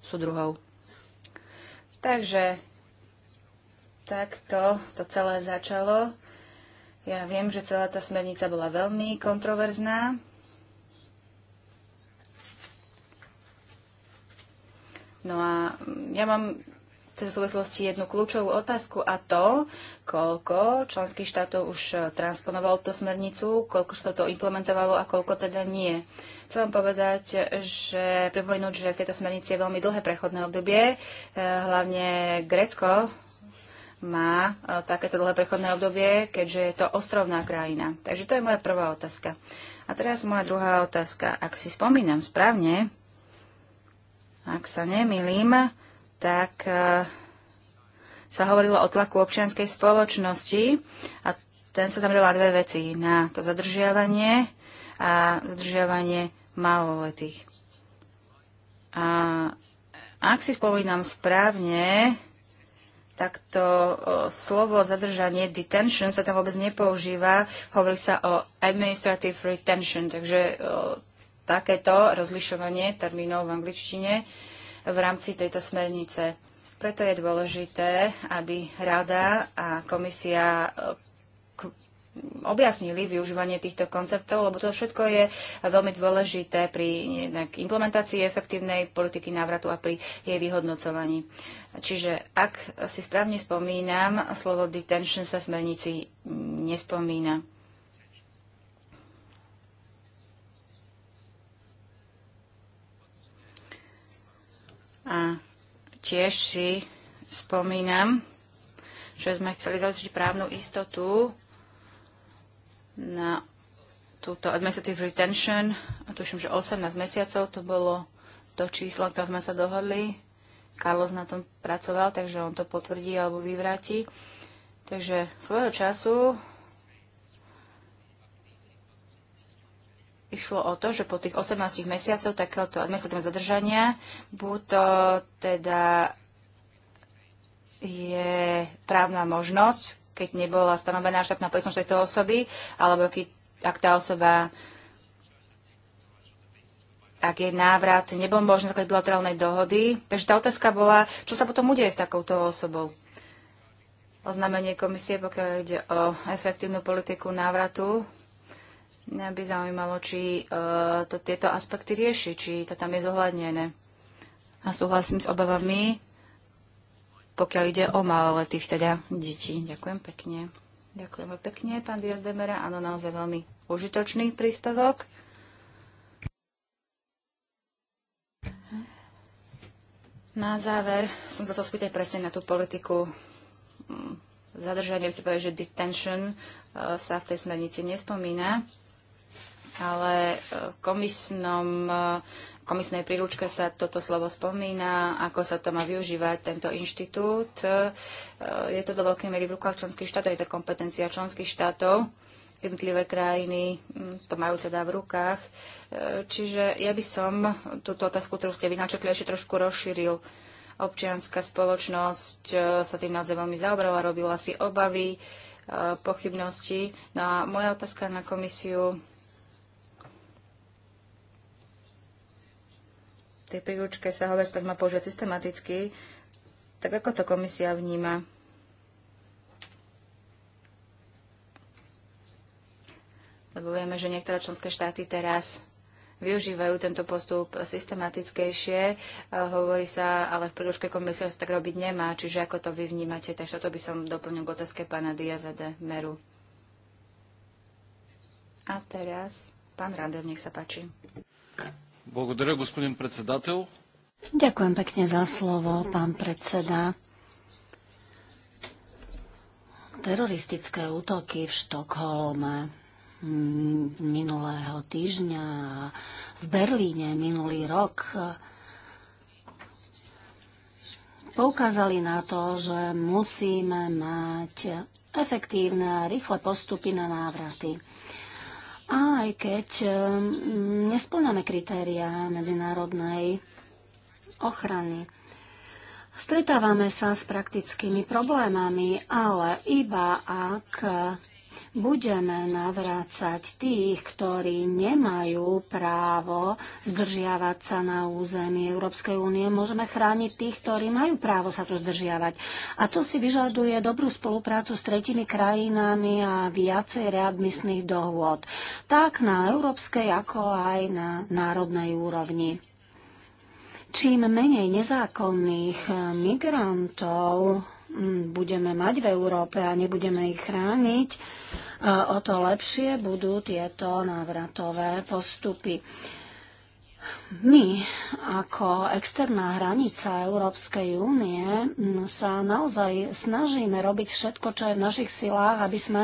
súdruhov. Takže takto to celé začalo. Ja viem, že celá tá smernica bola veľmi kontroverzná. No a ja mám tejto súvislosti jednu kľúčovú otázku a to, koľko členských štátov už e, transponovalo tú smernicu, koľko sa to implementovalo a koľko teda nie. Chcem povedať, že pripomenúť, že v tejto smernici je veľmi dlhé prechodné obdobie, e, hlavne Grécko má e, takéto dlhé prechodné obdobie, keďže je to ostrovná krajina. Takže to je moja prvá otázka. A teraz moja druhá otázka. Ak si spomínam správne, ak sa nemýlim, tak e, sa hovorilo o tlaku občianskej spoločnosti a ten sa zameral na dve veci. Na to zadržiavanie a zadržiavanie maloletých. A ak si spomínam správne, tak to e, slovo zadržanie, detention, sa tam vôbec nepoužíva. Hovorí sa o administrative retention, takže e, takéto rozlišovanie termínov v angličtine v rámci tejto smernice. Preto je dôležité, aby Rada a komisia eh, objasnili využívanie týchto konceptov, lebo to všetko je veľmi dôležité pri implementácii efektívnej politiky návratu a pri jej vyhodnocovaní. Čiže ak si správne spomínam, slovo detention sa smernici nespomína. A tiež si spomínam, že sme chceli zaučiť právnu istotu na túto administrative retention, a tuším, že 18 mesiacov to bolo to číslo, ktoré sme sa dohodli. Carlos na tom pracoval, takže on to potvrdí alebo vyvráti. Takže svojho času išlo o to, že po tých 18 mesiacov takéhoto administratívneho zadržania buď to teda je právna možnosť, keď nebola stanovená štátna policnosť tejto osoby, alebo keď, ak tá osoba ak je návrat, nebol možný základ bilaterálnej dohody. Takže tá otázka bola, čo sa potom udeje s takouto osobou? Oznámenie komisie, pokiaľ ide o efektívnu politiku návratu, Mňa by zaujímalo, či eh, to, tieto aspekty rieši, či to tam je zohľadnené. A súhlasím s obavami, pokiaľ ide o maloletých teda detí. Ďakujem pekne. Ďakujeme pekne, pán Diaz Demera. Áno, naozaj veľmi užitočný príspevok. Na záver som sa to spýtať presne na tú politiku mm, zadržania, chcem povedať, že detention eh, sa v tej smernici nespomína ale e, v komisnom, e, komisnej príručke sa toto slovo spomína, ako sa to má využívať, tento inštitút. E, je to do veľkej miery v rukách členských štátov, je to kompetencia členských štátov. Jednotlivé krajiny mm, to majú teda v rukách. Čiže ja by som túto otázku, ktorú ste vynačetli, ešte trošku rozšíril. Občianská spoločnosť sa tým naozaj veľmi zaobrala, robila si obavy, pochybnosti. No a moja otázka na komisiu tej príručke sa hovorí, tak má používať systematicky. Tak ako to komisia vníma? Lebo vieme, že niektoré členské štáty teraz využívajú tento postup systematickejšie. Hovorí sa, ale v príručke komisie sa tak robiť nemá. Čiže ako to vy vnímate? Takže toto by som doplnil k otázke pána Diaza de Meru. A teraz pán Radev, nech sa páči. Ďakujem pekne za slovo, pán predseda. Teroristické útoky v Štokholme mm, minulého týždňa a v Berlíne minulý rok e, poukázali na to, že musíme mať efektívne a rýchle postupy na návraty aj keď ehm, nesplňame kritéria medzinárodnej ochrany. Stretávame sa s praktickými problémami, ale iba ak budeme navrácať tých, ktorí nemajú právo zdržiavať sa na území Európskej únie. Môžeme chrániť tých, ktorí majú právo sa tu zdržiavať. A to si vyžaduje dobrú spoluprácu s tretimi krajinami a viacej readmisných dohôd. Tak na európskej, ako aj na národnej úrovni. Čím menej nezákonných eh, migrantov mm, budeme mať v Európe a nebudeme ich chrániť, o to lepšie budú tieto návratové postupy. My ako externá hranica Európskej únie sa naozaj snažíme robiť všetko, čo je v našich silách, aby sme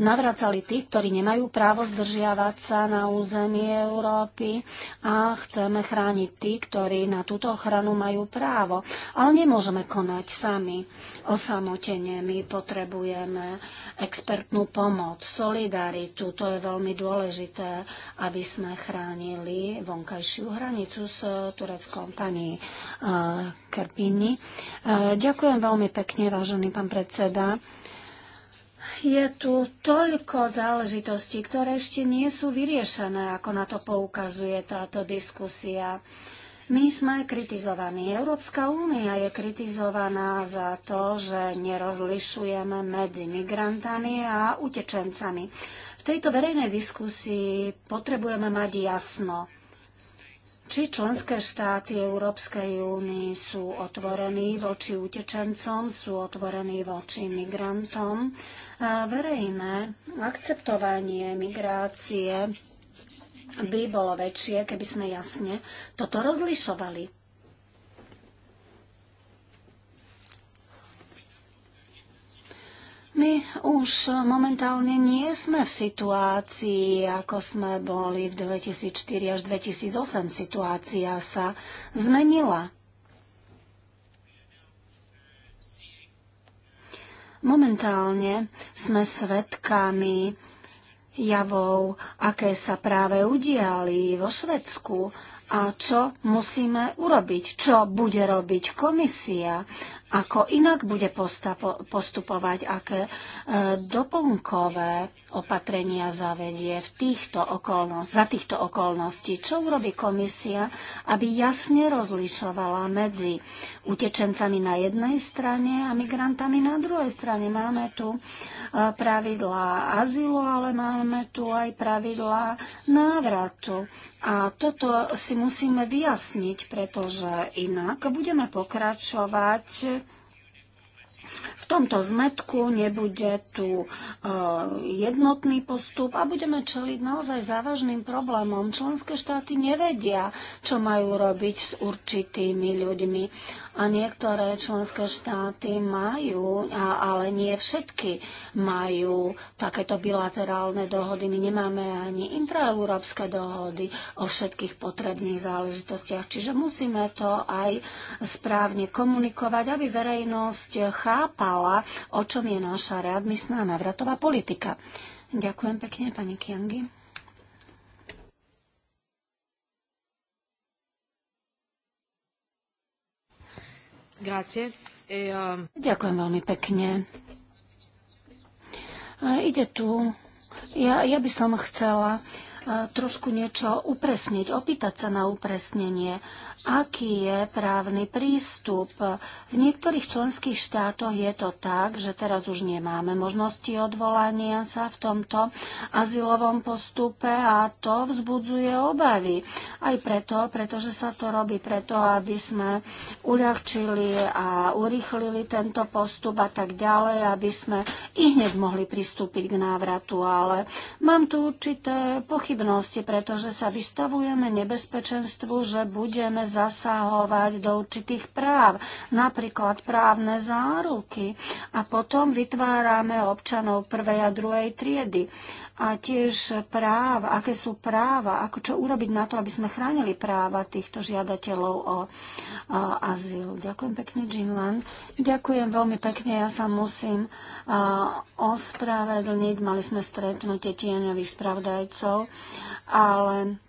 navracali tých, ktorí nemajú právo zdržiavať sa na území Európy a chceme chrániť tých, ktorí na túto ochranu majú právo. Ale nemôžeme konať sami osamotenie. My potrebujeme uh, expertnú pomoc, solidaritu. To je veľmi dôležité, aby sme chránili vonkajšiu hranicu s eh, Tureckom pani eh, Kerpini. Eh, ďakujem veľmi pekne, vážený pán predseda je tu toľko záležitostí, ktoré ešte nie sú vyriešené, ako na to poukazuje táto diskusia. My sme kritizovaní. Európska únia je kritizovaná za to, že nerozlišujeme medzi migrantami a utečencami. V tejto verejnej diskusii potrebujeme mať jasno, či členské štáty Európskej únii sú otvorení voči utečencom, sú otvorení voči migrantom. Verejné akceptovanie migrácie by bolo väčšie, keby sme jasne toto rozlišovali. My už momentálne nie sme v situácii, ako sme boli v 2004 až 2008. Situácia sa zmenila. Momentálne sme svedkami javov, aké sa práve udiali vo Švedsku a čo musíme urobiť, čo bude robiť komisia, ako inak bude postupovať, aké e, doplnkové opatrenia zavedie v týchto okolnosti, za týchto okolností. Čo urobí komisia, aby jasne rozlišovala medzi utečencami na jednej strane a migrantami na druhej strane? Máme tu e, pravidlá azylu, ale máme tu aj pravidlá návratu. A toto si musíme vyjasniť, pretože inak budeme pokračovať tomto zmetku, nebude tu e, jednotný postup a budeme čeliť naozaj závažným problémom. Členské štáty nevedia, čo majú robiť s určitými ľuďmi a niektoré členské štáty majú, ale nie všetky majú takéto bilaterálne dohody. My nemáme ani intraeurópske dohody o všetkých potrebných záležitostiach, čiže musíme to aj správne komunikovať, aby verejnosť chápala, o čom je naša readmisná navratová politika. Ďakujem pekne, pani Kiangi. E, ehm, Ďakujem veľmi pekne. E, ide tu. Ja, ja by som chcela E, trošku niečo upresniť, opýtať sa na upresnenie, aký je právny prístup. V niektorých členských štátoch je to tak, že teraz už nemáme možnosti odvolania sa v tomto azylovom postupe a to vzbudzuje obavy. Aj preto, pretože sa to robí preto, aby sme uľahčili a urychlili tento postup a tak ďalej, aby sme i hneď mohli pristúpiť k návratu. Ale mám tu určité pochyby pochybnosti, pretože sa vystavujeme nebezpečenstvu, že budeme zasahovať do určitých práv, napríklad právne záruky a potom vytvárame občanov prvej a druhej triedy a tiež práva, aké sú práva, ako čo urobiť na to, aby sme chránili práva týchto žiadateľov o, o azyl. Ďakujem pekne, Jinlan. Ďakujem veľmi pekne, ja sa musím ospravedlniť. Mali sme stretnutie tieňových spravdajcov, ale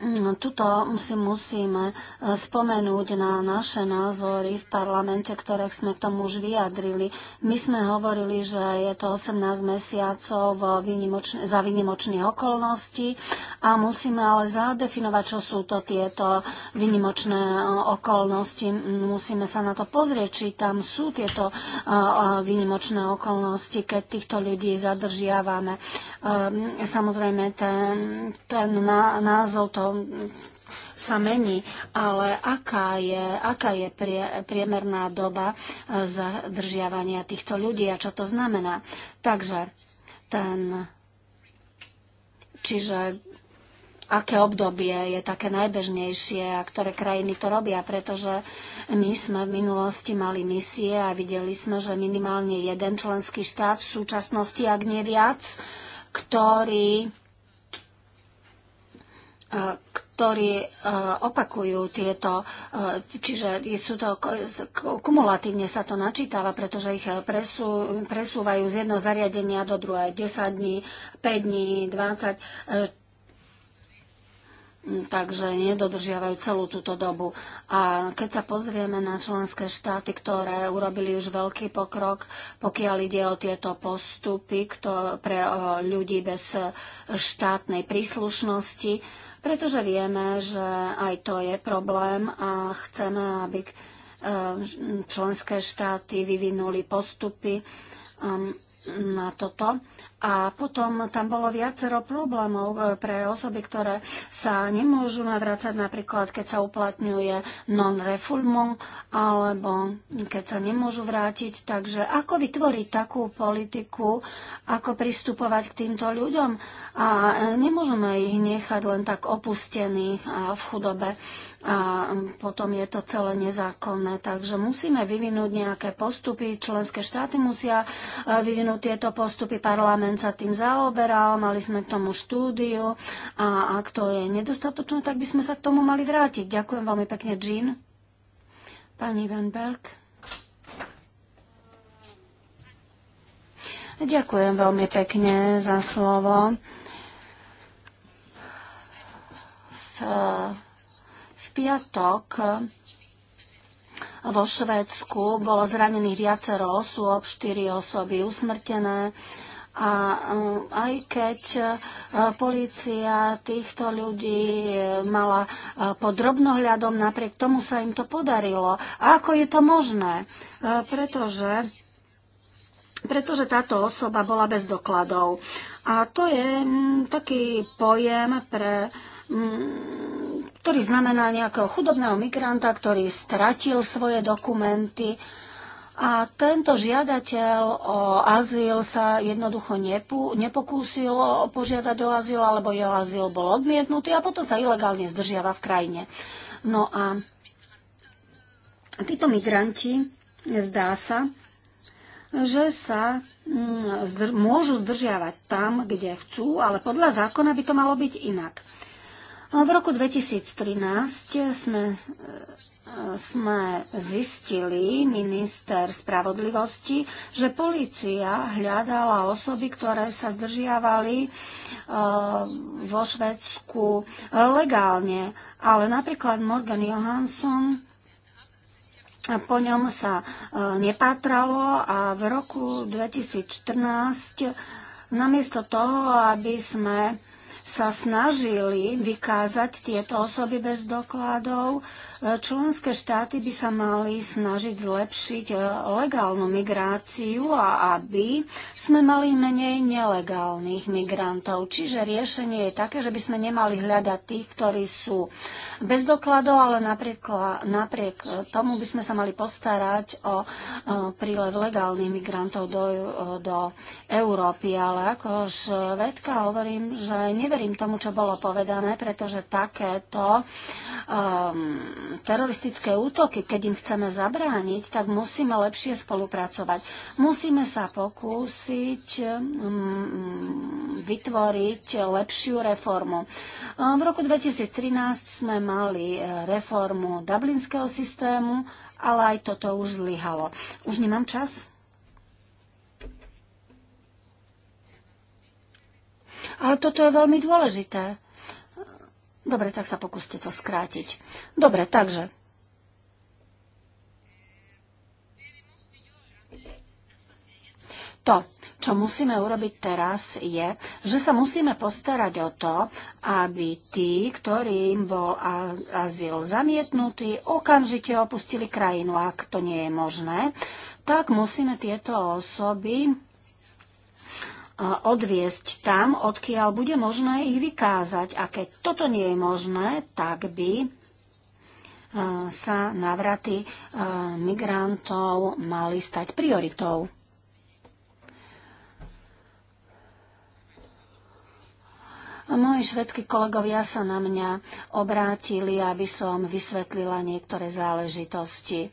Mm, tuto si musíme e, spomenúť na naše názory v parlamente, ktoré sme k tomu už vyjadrili. My sme hovorili, že je to 18 mesiacov e, za výnimočné okolnosti a musíme ale zadefinovať, čo sú to tieto vynimočné e, okolnosti. Musíme sa na to pozrieť, či tam sú tieto vynimočné okolnosti, keď týchto ľudí zadržiavame. Samozrejme, ten, ten názov toho sa mení, ale aká je, aká je prie, priemerná doba e, zadržiavania týchto ľudí a čo to znamená. Takže ten, čiže aké obdobie je také najbežnejšie a ktoré krajiny to robia, pretože my sme v minulosti mali misie a videli sme, že minimálne jeden členský štát v súčasnosti, ak nie viac, ktorý E, ktorí e, opakujú tieto, e, čiže sú to, kumulatívne sa to načítava, pretože ich presú, presúvajú z jedného zariadenia do druhé 10 dní, 5 dní, 20 takže nedodržiavajú celú túto dobu. A keď sa pozrieme na členské štáty, ktoré urobili už veľký pokrok, pokiaľ ide o tieto postupy kto, pre o, ľudí bez štátnej príslušnosti, pretože vieme, že aj to je problém a chceme, aby eh, členské štáty vyvinuli postupy ehm, na toto. A potom tam bolo viacero problémov e, pre osoby, ktoré sa nemôžu navrácať, napríklad keď sa uplatňuje non-refoulement alebo keď sa nemôžu vrátiť. Takže ako vytvoriť takú politiku, ako pristupovať k týmto ľuďom? A e, nemôžeme ich nechať len tak opustených a v chudobe a potom je to celé nezákonné. Takže musíme vyvinúť nejaké postupy, členské štáty musia e, vyvinúť tieto postupy, parlament parlament sa tým zaoberal, mali sme k tomu štúdiu a ak to je nedostatočné, tak by sme sa k tomu mali vrátiť. Ďakujem veľmi pekne, Jean. Pani Van Berg. Ďakujem veľmi pekne za slovo. V, v piatok vo Švédsku bolo zranených viacero osôb, štyri osoby usmrtené. A eh, aj keď eh, policia týchto ľudí eh, mala pod drobnohľadom, napriek tomu sa im to podarilo. A ako je to možné? Pretože pretože táto osoba bola bez dokladov. A to je m, mm, taký pojem pre m, mm, ktorý znamená nejakého chudobného migranta, ktorý stratil svoje dokumenty a tento žiadateľ o azyl sa jednoducho nepu, nepokúsil požiadať o azyl, alebo jeho azyl bol odmietnutý a potom sa ilegálne zdržiava v krajine. No a títo migranti, zdá sa, že sa mm, zdr- môžu zdržiavať tam, kde chcú, ale podľa zákona by to malo byť inak. V roku 2013 sme sme zistili, minister spravodlivosti, že policia hľadala osoby, ktoré sa zdržiavali e, vo Švedsku legálne. Ale napríklad Morgan Johansson a po ňom sa e, nepátralo a v roku 2014 namiesto toho, aby sme sa snažili vykázať tieto osoby bez dokladov, Členské štáty by sa mali snažiť zlepšiť e, legálnu migráciu a aby sme mali menej nelegálnych migrantov. Čiže riešenie je také, že by sme nemali hľadať tých, ktorí sú bez dokladov, ale napriek, napriek tomu by sme sa mali postarať o e, prílev legálnych migrantov do, e, do Európy. Ale ako vedka, hovorím, že neverím tomu, čo bolo povedané, pretože takéto um, teroristické útoky, keď im chceme zabrániť, tak musíme lepšie spolupracovať. Musíme sa pokúsiť mm, mm, vytvoriť lepšiu reformu. V roku 2013 sme mali e, reformu dublinského systému, ale aj toto už zlyhalo. Už nemám čas? Ale toto je veľmi dôležité Dobre, tak sa pokúste to skrátiť. Dobre, takže. To, čo musíme urobiť teraz, je, že sa musíme postarať o to, aby tí, ktorým bol azyl zamietnutý, okamžite opustili krajinu. Ak to nie je možné, tak musíme tieto osoby odviesť tam, odkiaľ bude možné ich vykázať. A keď toto nie je možné, tak by e, sa návraty e, migrantov mali stať prioritou. Moji švedskí kolegovia sa na mňa obrátili, aby som vysvetlila niektoré záležitosti.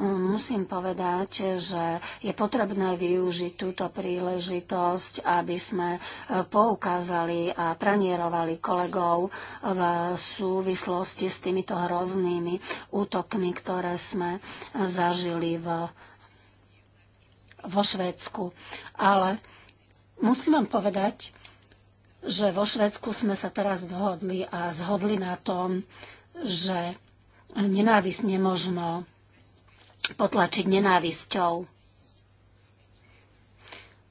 Musím povedať, že je potrebné využiť túto príležitosť, aby sme e, poukázali a pranierovali kolegov v súvislosti s týmito hroznými útokmi, ktoré sme zažili v, vo Švédsku. Ale musím vám povedať, že vo Švédsku sme sa teraz dohodli a zhodli na tom, že nenávisť nemožno potlačiť nenávisťou.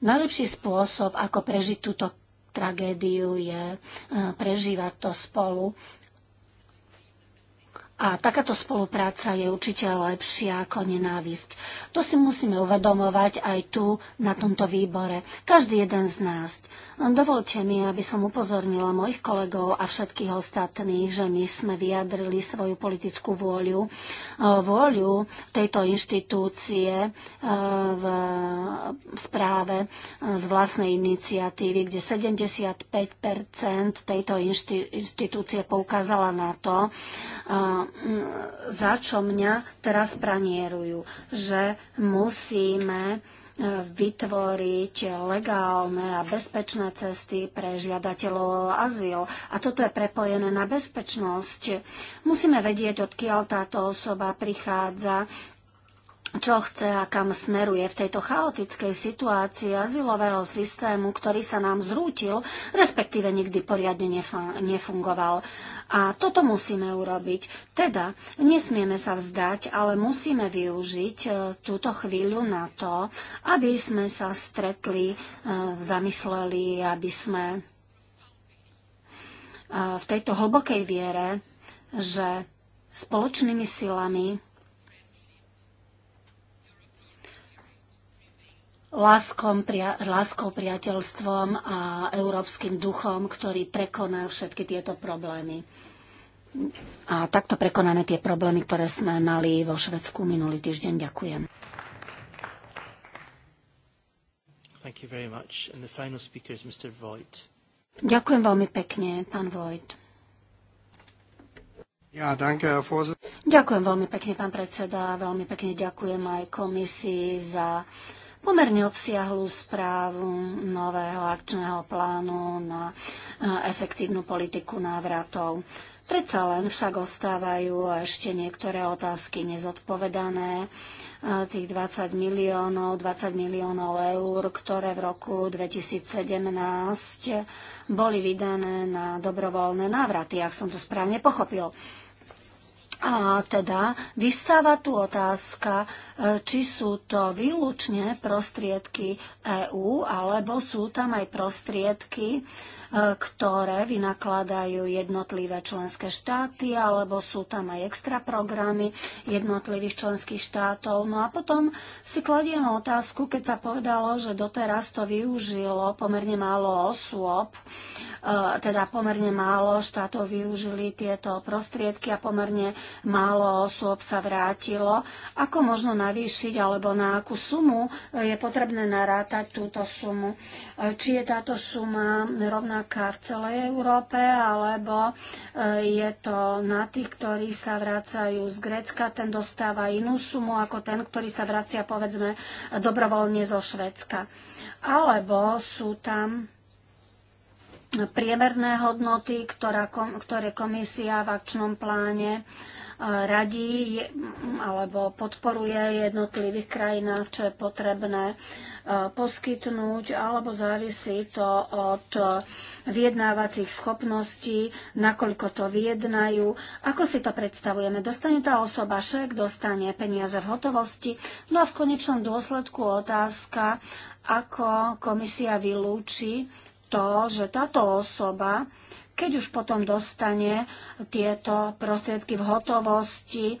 Najlepší spôsob, ako prežiť túto tragédiu, je eh, prežívať to spolu a takáto spolupráca je určite lepšia ako nenávisť. To si musíme uvedomovať aj tu, na tomto výbore. Každý jeden z nás. Dovolte mi, aby som upozornila mojich kolegov a všetkých ostatných, že my sme vyjadrili svoju politickú vôľu, e, vôľu tejto inštitúcie e, v správe e, z vlastnej iniciatívy, kde 75 tejto inštitúcie poukázala na to, Mm, za čo mňa teraz pranierujú, že musíme e, vytvoriť legálne a bezpečné cesty pre žiadateľov o azyl. A toto je prepojené na bezpečnosť. Musíme vedieť, odkiaľ táto osoba prichádza, čo chce a kam smeruje v tejto chaotickej situácii azylového systému, ktorý sa nám zrútil, respektíve nikdy poriadne nefungoval. A toto musíme urobiť. Teda nesmieme sa vzdať, ale musíme využiť e, túto chvíľu na to, aby sme sa stretli, e, zamysleli, aby sme e, v tejto hlbokej viere, že spoločnými silami láskom, pria, láskou, priateľstvom a európskym duchom, ktorý prekoná všetky tieto problémy. A takto prekonáme tie problémy, ktoré sme mali vo Švedsku minulý týždeň. Ďakujem. Ďakujem veľmi pekne, pán Vojt. Ja, danke, Ďakujem veľmi pekne, pán predseda. Veľmi pekne ďakujem aj komisii za pomerne obsiahlú správu nového akčného plánu na e, efektívnu politiku návratov. Predsa len však ostávajú ešte niektoré otázky nezodpovedané. E, tých 20 miliónov, 20 miliónov eur, ktoré v roku 2017 boli vydané na dobrovoľné návraty, ak som to správne pochopil. A teda vystáva tu otázka, e, či sú to výlučne prostriedky EÚ, alebo sú tam aj prostriedky E, ktoré vynakladajú jednotlivé členské štáty, alebo sú tam aj extra programy jednotlivých členských štátov. No a potom si kladieme otázku, keď sa povedalo, že doteraz to využilo pomerne málo osôb, e, teda pomerne málo štátov využili tieto prostriedky a pomerne málo osôb sa vrátilo. Ako možno navýšiť alebo na akú sumu je potrebné narátať túto sumu? E, či je táto suma rovná nejaká v celej Európe, alebo e, je to na tých, ktorí sa vracajú z Grécka, ten dostáva inú sumu ako ten, ktorý sa vracia povedzme dobrovoľne zo Švedska. Alebo sú tam priemerné hodnoty, ktorá, ktoré komisia v akčnom pláne e, radí alebo podporuje jednotlivých krajinách, čo je potrebné poskytnúť, alebo závisí to od e, vyjednávacích schopností, nakoľko to vyjednajú. Ako si to predstavujeme? Dostane tá osoba šek, dostane peniaze v hotovosti. No a v konečnom dôsledku otázka, ako komisia vylúči to, že táto osoba keď už potom dostane tieto prostriedky v hotovosti,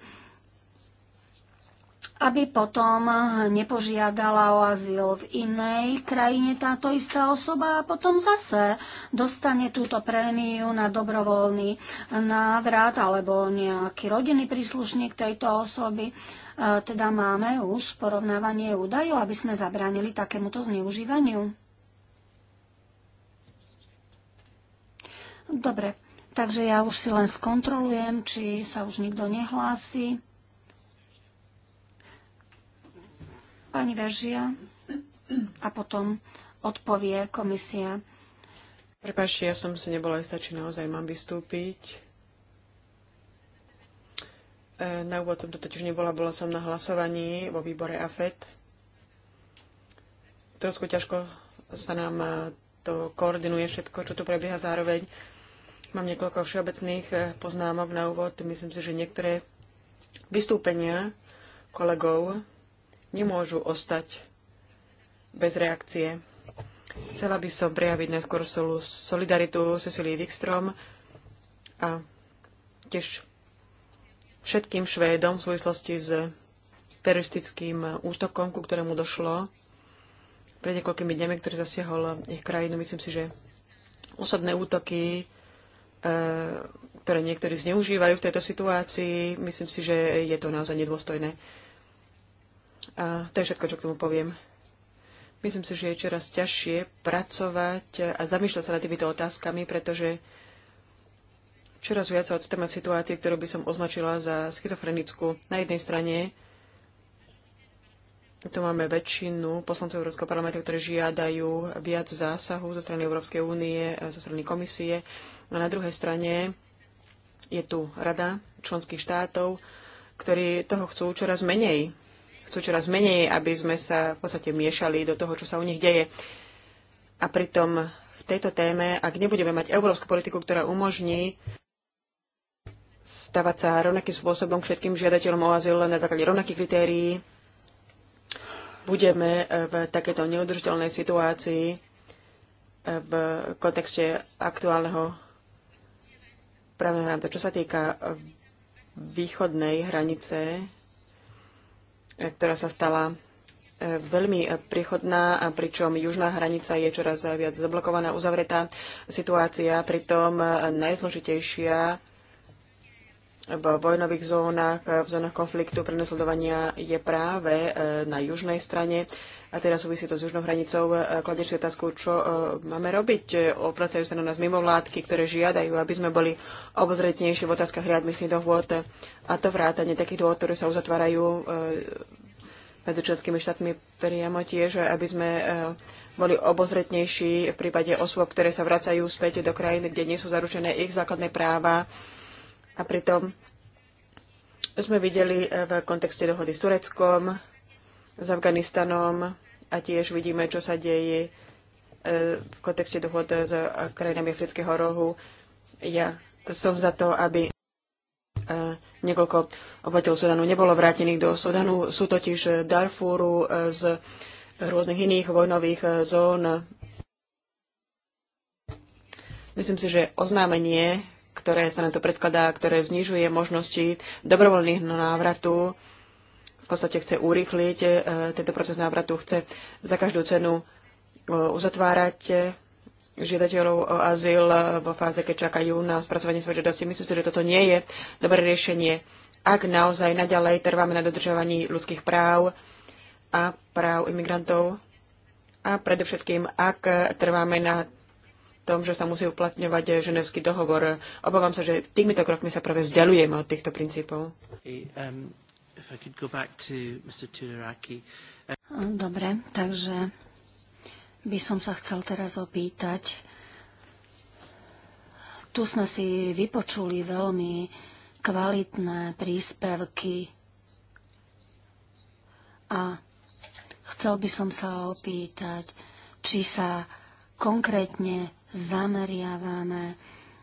aby potom nepožiadala o azyl v inej krajine táto istá osoba a potom zase dostane túto prémiu na dobrovoľný návrat alebo nejaký rodinný príslušník tejto osoby. E, teda máme už porovnávanie údajov, aby sme zabránili takémuto zneužívaniu. Dobre, takže ja už si len skontrolujem, či sa už nikto nehlási. Pani Veržia a potom odpovie komisia. Prepašte, ja som si nebola istá, či naozaj mám vystúpiť. E, na úvod som to totiž nebola, bola som na hlasovaní vo výbore AFET. Trošku ťažko sa nám e, to koordinuje všetko, čo tu prebieha zároveň. Mám niekoľko všeobecných e, poznámok na úvod. Myslím si, že niektoré vystúpenia kolegov nemôžu ostať bez reakcie. Chcela by som prejaviť najskôr solidaritu Cecilie Wikström a tiež všetkým Švédom v súvislosti s teroristickým útokom, ku ktorému došlo pred niekoľkými dňami, ktorý zasiahol ich krajinu. Myslím si, že osobné útoky, e, ktoré niektorí zneužívajú v tejto situácii, myslím si, že je to naozaj nedôstojné. A to je všetko, čo k tomu poviem. Myslím si, že je čoraz ťažšie pracovať a zamýšľať sa nad týmito otázkami, pretože čoraz viac sa odstávame v situácii, ktorú by som označila za schizofrenickú. Na jednej strane tu máme väčšinu poslancov Európskeho parlamentu, ktorí žiadajú viac zásahu zo strany Európskej únie, zo strany komisie. A na druhej strane je tu Rada členských štátov, ktorí toho chcú čoraz menej chcú čoraz menej, aby sme sa v podstate miešali do toho, čo sa u nich deje. A pritom v tejto téme, ak nebudeme mať európsku politiku, ktorá umožní stavať sa rovnakým spôsobom k všetkým žiadateľom o azyl na základe rovnakých kritérií, budeme eh, v takéto neudržiteľnej situácii eh, v kontexte aktuálneho právneho rámca. Čo sa týka eh, východnej hranice ktorá sa stala e, veľmi príchodná, pričom južná hranica je čoraz viac zablokovaná, uzavretá situácia, pritom e, najzložitejšia v vojnových zónach, v zónach konfliktu, prenasledovania je práve e, na južnej strane a teraz súvisí to s južnou hranicou, e, kladne si otázku, čo e, máme robiť. E, Opracajú sa na nás mimovládky, ktoré žiadajú, aby sme boli obozretnejšie v otázkach readmisných dohôd a to vrátanie takých dôvod, ktoré sa uzatvárajú medzi členskými štátmi priamo tiež, aby sme boli obozretnejší v prípade osôb, ktoré sa vracajú späť do krajiny, kde nie sú zaručené ich základné práva. A pritom sme videli v kontexte dohody s Tureckom, s Afganistanom a tiež vidíme, čo sa deje e, v kontexte dohod s krajinami Afrického rohu. Ja som za to, aby e, niekoľko obyvateľov Sudanu nebolo vrátených do Sudanu. Sú totiž Darfúru e, z rôznych iných vojnových zón. Myslím si, že oznámenie, ktoré sa na to predkladá, ktoré znižuje možnosti dobrovoľných návratu, podstate chce urýchliť e, tento proces návratu, chce za každú cenu e, uzatvárať e, žiadateľov o azyl vo fáze, keď čakajú na spracovanie svojej žiadosti. Myslím si, že toto nie je dobré riešenie, ak naozaj naďalej trváme na dodržovaní ľudských práv a práv imigrantov a predovšetkým, ak trváme na tom, že sa musí uplatňovať ženevský dohovor. Obávam sa, že týmito krokmi sa práve vzdialujeme od týchto princípov. Um, Eh, dobre, takže by som sa chcel teraz opýtať. Tu sme si vypočuli veľmi kvalitné príspevky a chcel by som sa opýtať, či sa konkrétne zameriavame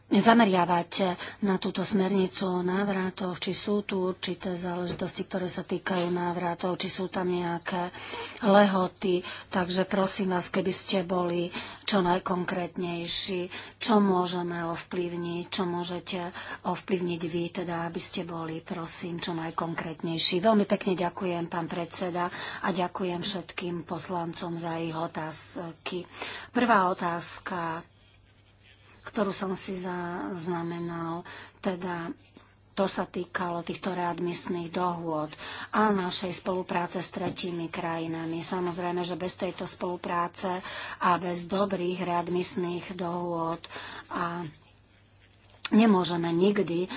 zameriavať na túto smernicu o návratoch, či sú tu určité záležitosti, ktoré sa týkajú návratov, či sú tam nejaké lehoty. Takže prosím vás, keby ste boli čo najkonkrétnejší, čo môžeme ovplyvniť, čo môžete ovplyvniť vy, teda aby ste boli, prosím, čo najkonkrétnejší. Veľmi pekne ďakujem, pán predseda, a ďakujem všetkým poslancom za ich otázky. Prvá otázka ktorú som si zaznamenal. Teda to sa týkalo týchto readmisných dohôd a našej spolupráce s tretími krajinami. Samozrejme, že bez tejto spolupráce a bez dobrých readmisných dohôd a nemôžeme nikdy e,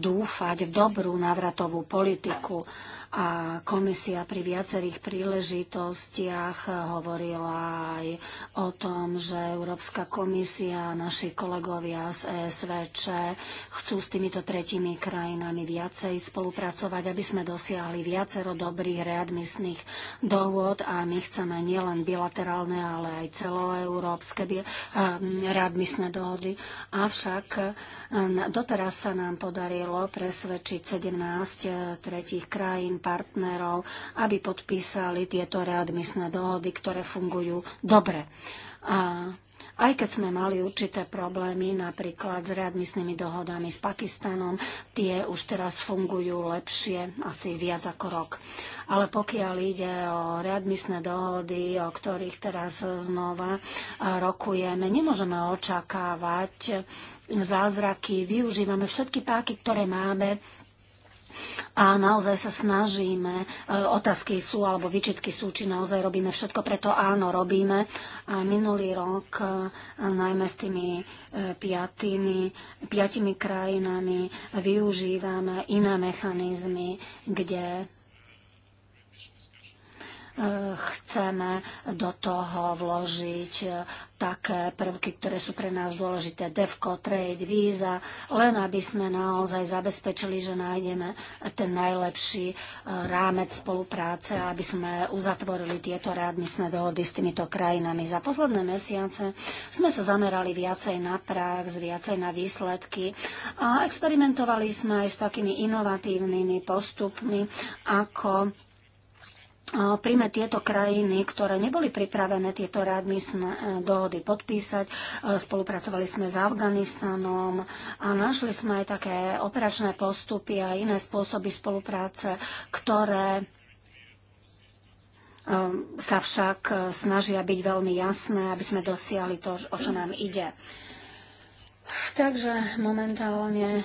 dúfať v dobrú návratovú politiku a komisia pri viacerých príležitostiach hovorila aj o tom, že Európska komisia a naši kolegovia z ESVČ chcú s týmito tretími krajinami viacej spolupracovať, aby sme dosiahli viacero dobrých readmisných dohôd a my chceme nielen bilaterálne, ale aj celoeurópske eh, readmisné dohody. Avšak Hm, doteraz sa nám podarilo presvedčiť 17 eh, tretích krajín, partnerov, aby podpísali tieto readmisné dohody, ktoré fungujú dobre. A aj keď sme mali určité problémy, napríklad s readmisnými dohodami s Pakistanom, tie už teraz fungujú lepšie, asi viac ako rok. Ale pokiaľ ide o readmisné dohody, o ktorých teraz znova eh, rokujeme, nemôžeme očakávať zázraky, využívame všetky páky, ktoré máme, a naozaj sa snažíme, e, otázky sú alebo vyčitky sú, či naozaj robíme všetko, preto áno, robíme. A minulý rok, e, najmä s tými e, piatými, piatimi krajinami, využívame iné mechanizmy, kde chceme do toho vložiť e, také prvky, ktoré sú pre nás dôležité, DEFCO, trade, víza, len aby sme naozaj zabezpečili, že nájdeme ten najlepší e, rámec spolupráce, aby sme uzatvorili tieto readmisné dohody s týmito krajinami. Za posledné mesiace sme sa zamerali viacej na prax, viacej na výsledky a experimentovali sme aj s takými inovatívnymi postupmi, ako príjme tieto krajiny, ktoré neboli pripravené tieto readmisné e, dohody podpísať. E, spolupracovali sme s Afganistanom a našli sme aj také operačné postupy a iné spôsoby spolupráce, ktoré e, sa však snažia byť veľmi jasné, aby sme dosiahli to, o čo nám ide. Takže momentálne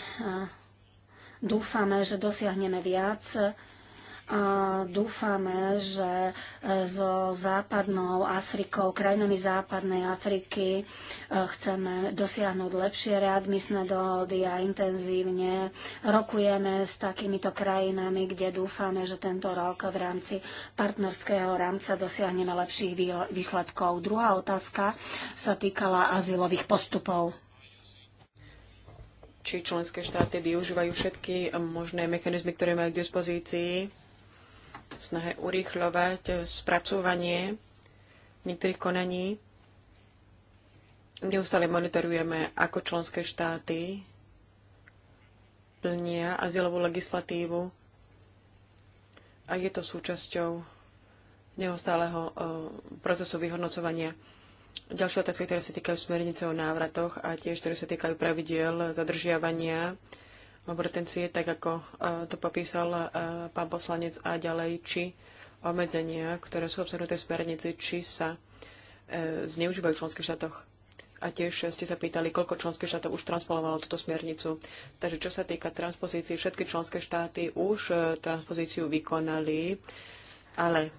dúfame, že dosiahneme viac a dúfame, že e, so západnou Afrikou, krajinami západnej Afriky e, chceme dosiahnuť lepšie readmisné dohody a intenzívne rokujeme s takýmito krajinami, kde dúfame, že tento rok v rámci partnerského rámca dosiahneme lepších výsledkov. Druhá otázka sa týkala azylových postupov či členské štáty využívajú všetky možné mechanizmy, ktoré majú k dispozícii v snahe urýchľovať eh, spracúvanie niektorých konaní. Neustále monitorujeme, ako členské štáty plnia azylovú legislatívu a je to súčasťou neustáleho eh, procesu vyhodnocovania. Ďalšie otázky, ktoré sa týkajú smernice o návratoch a tiež ktoré sa týkajú pravidiel zadržiavania retencie, tak ako e, to popísal e, pán poslanec a ďalej, či obmedzenia, ktoré sú obsahnuté v smernici, či sa e, zneužívajú v členských štátoch. A tiež ste sa pýtali, koľko členských štátov už transponovalo túto smernicu. Takže čo sa týka transpozície, všetky členské štáty už transpozíciu vykonali, ale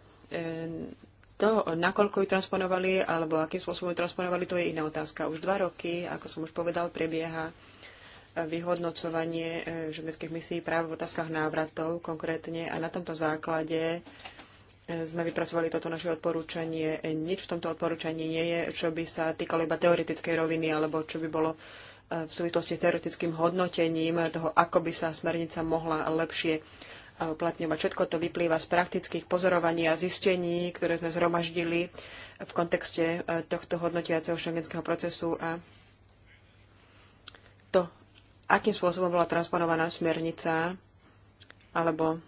to, nakoľko ju transponovali alebo akým spôsobom ju transponovali, to je iná otázka. Už dva roky, ako som už povedal, prebieha vyhodnocovanie e, ženevských misií práve v otázkach návratov konkrétne a na tomto základe e, sme vypracovali toto naše odporúčanie. E, nič v tomto odporúčaní nie je, čo by sa týkalo iba teoretickej roviny alebo čo by bolo v súvislosti s teoretickým hodnotením toho, ako by sa smernica mohla lepšie uplatňovať. Všetko to vyplýva z praktických pozorovaní a zistení, ktoré sme zhromaždili v kontexte tohto hodnotiaceho šengenského procesu a to akým spôsobom bola transponovaná smernica, alebo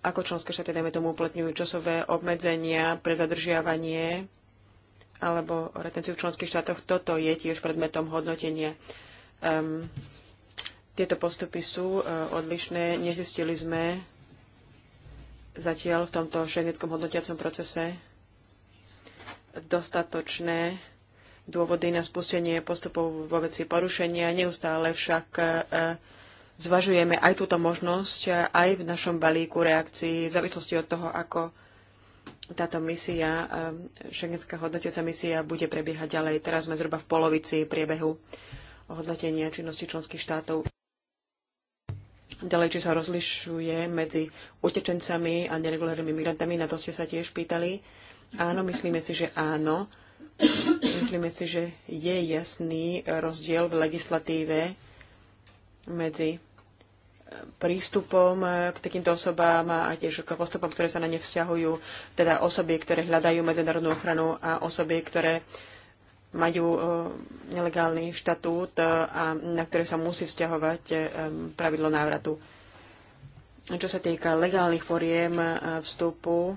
ako členské štáty, dajme tomu, uplatňujú časové obmedzenia pre zadržiavanie alebo retenciu v členských štátoch. Toto je tiež predmetom hodnotenia. Um, tieto postupy sú uh, odlišné. Nezistili sme zatiaľ v tomto šenickom hodnotiacom procese dostatočné dôvody na spustenie postupov vo veci porušenia. Neustále však e, e, zvažujeme aj túto možnosť e, aj v našom balíku reakcií v závislosti od toho, ako táto misia, šengenská hodnotiaca misia, bude prebiehať ďalej. Teraz sme zhruba v polovici priebehu hodnotenia činnosti členských štátov. Ďalej, či sa rozlišuje medzi utečencami a neregulárnymi migrantami, na to ste sa tiež pýtali. Áno, myslíme si, že áno Myslíme si, že je jasný rozdiel v legislatíve medzi eh, prístupom eh, k takýmto osobám a tiež k postupom, ktoré sa na ne vzťahujú, teda osoby, ktoré hľadajú medzinárodnú ochranu a osoby, ktoré majú eh, nelegálny štatút a na ktoré sa musí vzťahovať pravidlo návratu. Čo sa týka legálnych foriem vstupu,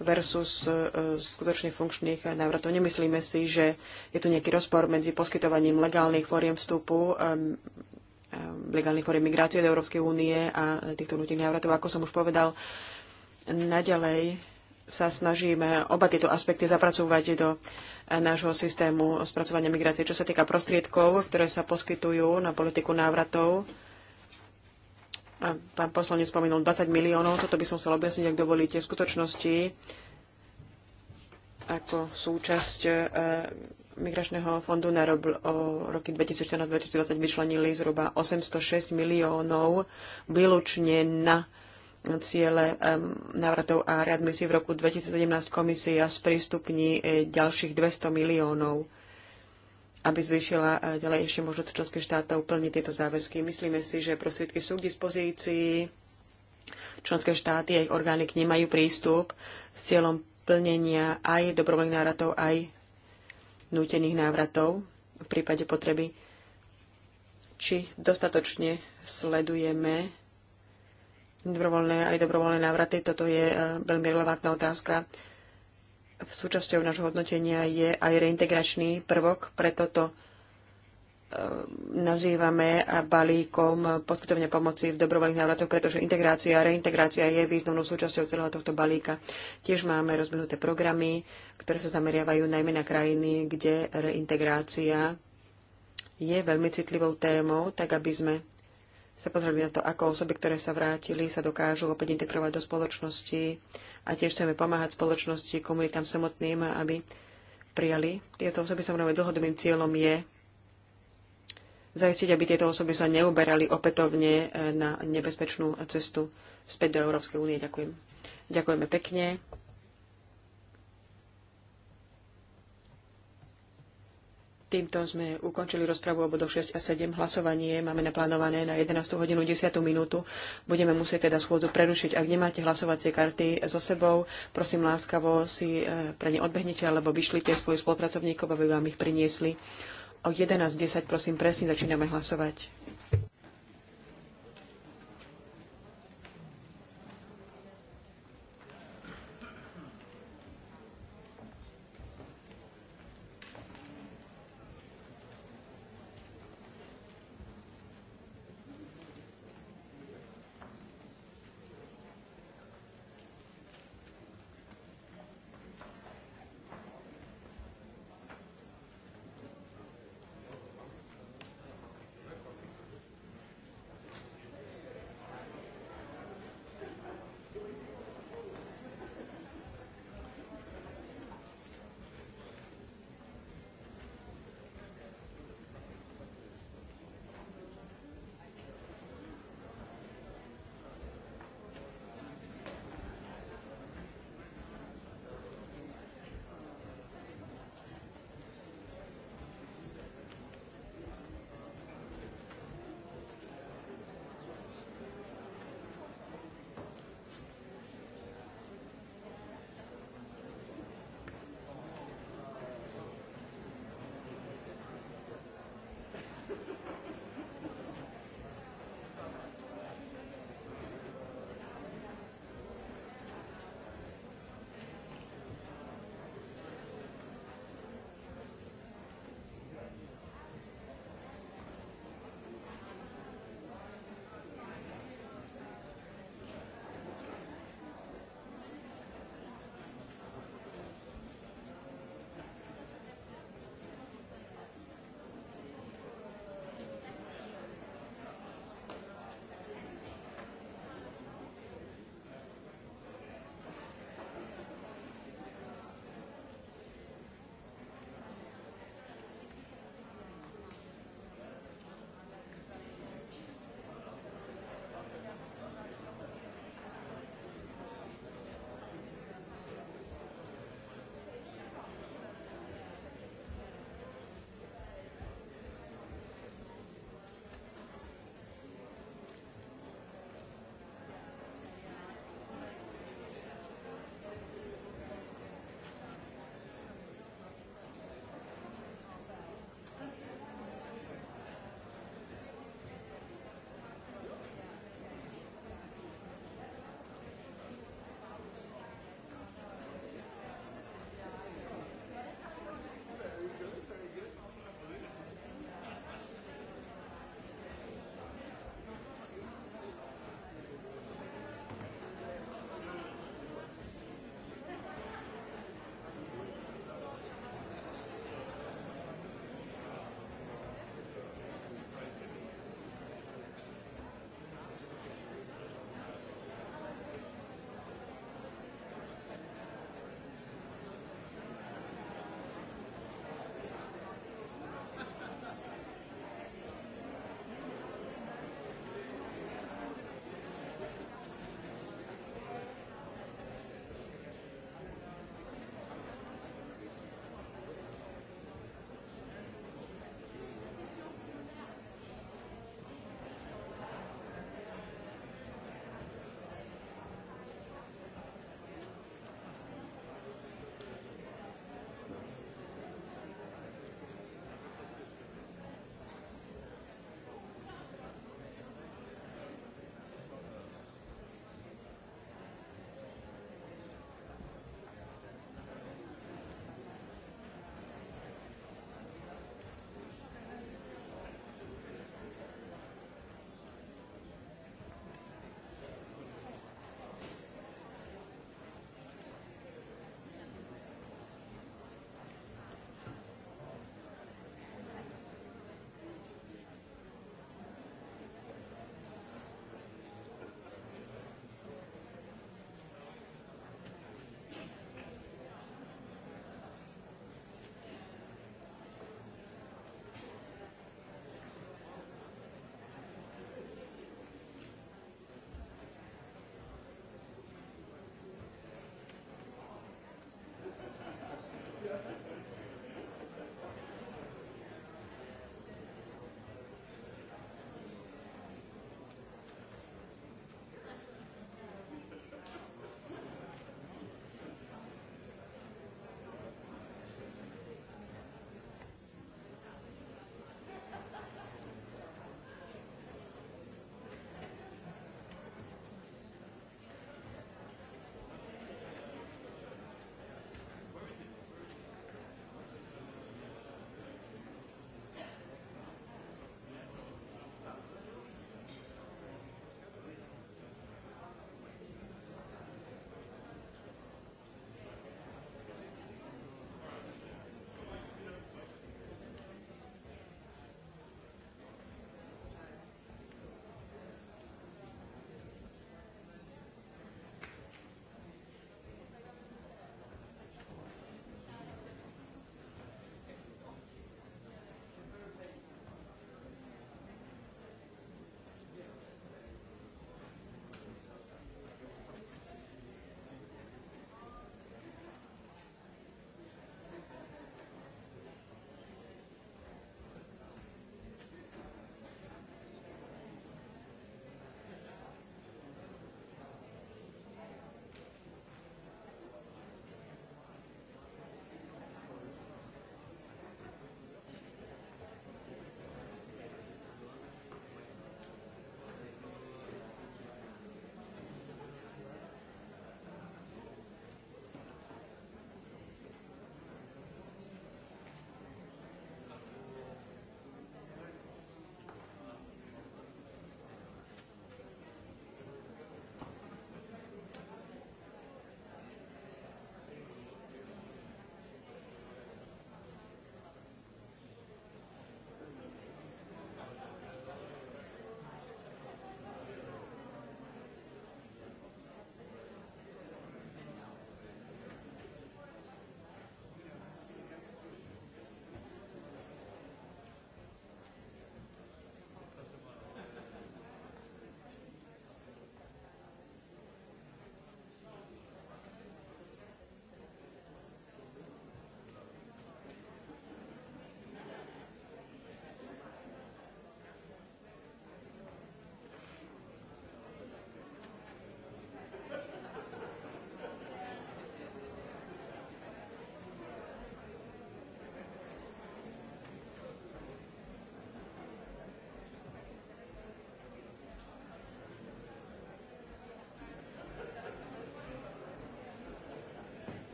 versus e, skutočných funkčných návratov. Nemyslíme si, že je tu nejaký rozpor medzi poskytovaním legálnych fóriem vstupu legálnych foriem migrácie do Európskej únie a týchto nutných návratov. Ako som už povedal, naďalej sa snažíme oba tieto aspekty zapracovať do nášho systému spracovania migrácie. Čo sa týka prostriedkov, ktoré sa poskytujú na politiku návratov, Pán poslanec spomenul 20 miliónov, toto by som chcel objasniť, ak dovolíte. V skutočnosti ako súčasť e, migračného fondu na rob, roky 2014-2020 vyčlenili zhruba 806 miliónov výlučne na ciele návratov a readmisí v roku 2017 komisia sprístupní e, ďalších 200 miliónov aby zvýšila eh, ďalej ešte možnosť členských štátov plniť tieto záväzky. Myslíme si, že prostriedky sú k dispozícii, členské štáty a ich orgány k nemajú prístup s cieľom plnenia aj dobrovoľných návratov, aj nútených návratov v prípade potreby. Či dostatočne sledujeme dobrovoľné aj dobrovoľné návraty, toto je eh, veľmi relevantná otázka v súčasťou nášho hodnotenia je aj reintegračný prvok, preto to e, nazývame balíkom poskytovania pomoci v dobrovoľných návratoch, pretože integrácia a reintegrácia je významnou súčasťou celého tohto balíka. Tiež máme rozvinuté programy, ktoré sa zameriavajú najmä na krajiny, kde reintegrácia je veľmi citlivou témou, tak aby sme sa pozreli na to, ako osoby, ktoré sa vrátili, sa dokážu opäť integrovať do spoločnosti a tiež chceme pomáhať spoločnosti, komunitám samotným, aby prijali tieto osoby. Samozrejme, dlhodobým cieľom je zajistiť, aby tieto osoby sa neuberali opätovne eh, na nebezpečnú cestu späť do Európskej únie. Ďakujem. Ďakujeme pekne. Týmto sme ukončili rozpravu o bodoch 6 a 7. Hlasovanie máme naplánované na 11. hodinu 10. minútu. Budeme musieť teda schôdzu prerušiť. Ak nemáte hlasovacie karty so sebou, prosím láskavo si e, pre ne odbehnite alebo vyšlite svojich spolupracovníkov, aby vám ich priniesli. O 11.10 prosím presne začíname hlasovať.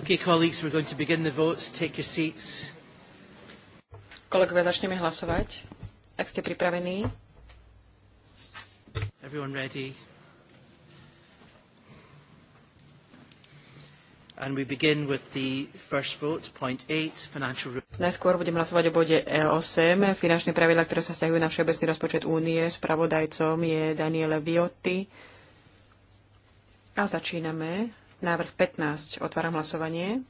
Okay, colleagues, we're going to begin the votes. Take your seats. Kolegovia, začneme hlasovať. Ak ste pripravení. Everyone ready? And we begin with the first vote, point financial... Najskôr budem hlasovať o bode 8, e finančné pravidla, ktoré sa stiahujú na všeobecný rozpočet únie. Spravodajcom je Daniele Viotti. A začíname Návrh 15. Otváram hlasovanie.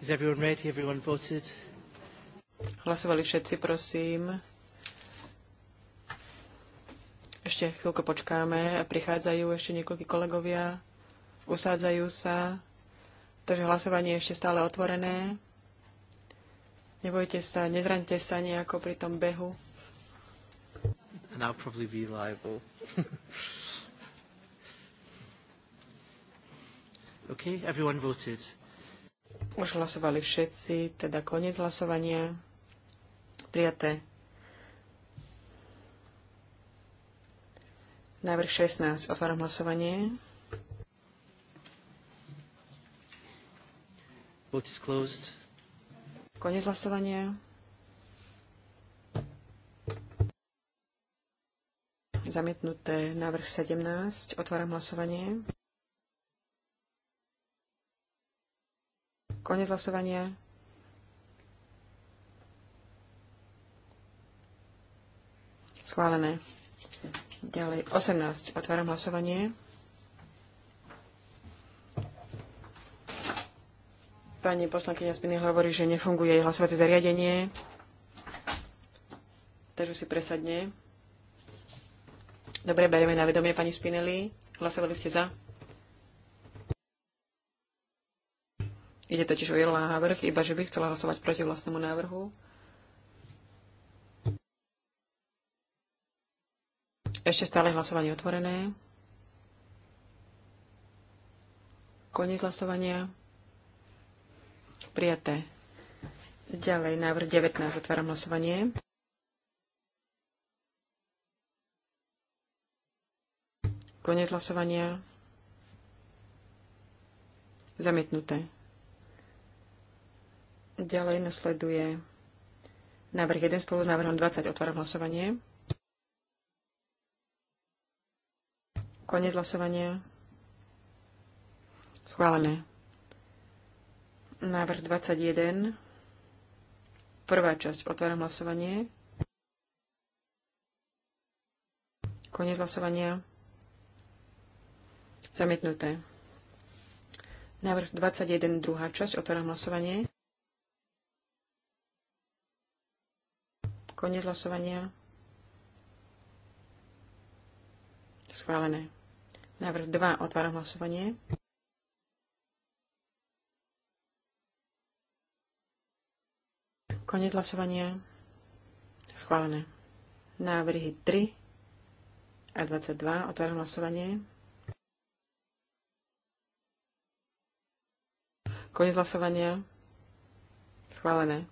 Is everyone ready? Everyone voted? Hlasovali všetci, prosím. Ešte chvíľko počkáme. Prichádzajú ešte niekoľkí kolegovia. Usádzajú sa. Takže hlasovanie je ešte stále otvorené. Nebojte sa, nezraňte sa nejako pri tom behu now probably be liable. okay, everyone voted. Už hlasovali všetci, teda koniec hlasovania. Prijaté. Návrh 16. Otváram hlasovanie. Vote is closed. Koniec hlasovania. zamietnuté. Návrh 17. Otváram hlasovanie. Konec hlasovania. Schválené. Ďalej 18. Otváram hlasovanie. Pani poslankyňa Spiny hovorí, že nefunguje jej hlasovacie zariadenie. Takže si presadne. Dobre, bereme na vedomie, pani Spinelli. Hlasovali ste za? Ide totiž o Jelena návrh, iba že by chcela hlasovať proti vlastnému návrhu. Ešte stále hlasovanie otvorené. Koniec hlasovania. Prijaté. Ďalej návrh 19. Otváram hlasovanie. Konec hlasovania. Zamietnuté. Ďalej nasleduje návrh 1 spolu s návrhom 20. Otváram hlasovanie. Konec hlasovania. Schválené. Návrh 21. Prvá časť. Otváram hlasovanie. Konec hlasovania. Zamietnuté. Návrh 21, druhá časť. Otváram hlasovanie. Koniec hlasovania. Schválené. Návrh 2. Otváram hlasovanie. Koniec hlasovania. Schválené. Návrhy 3 a 22. Otváram hlasovanie. Koniec hlasovania. Schválené.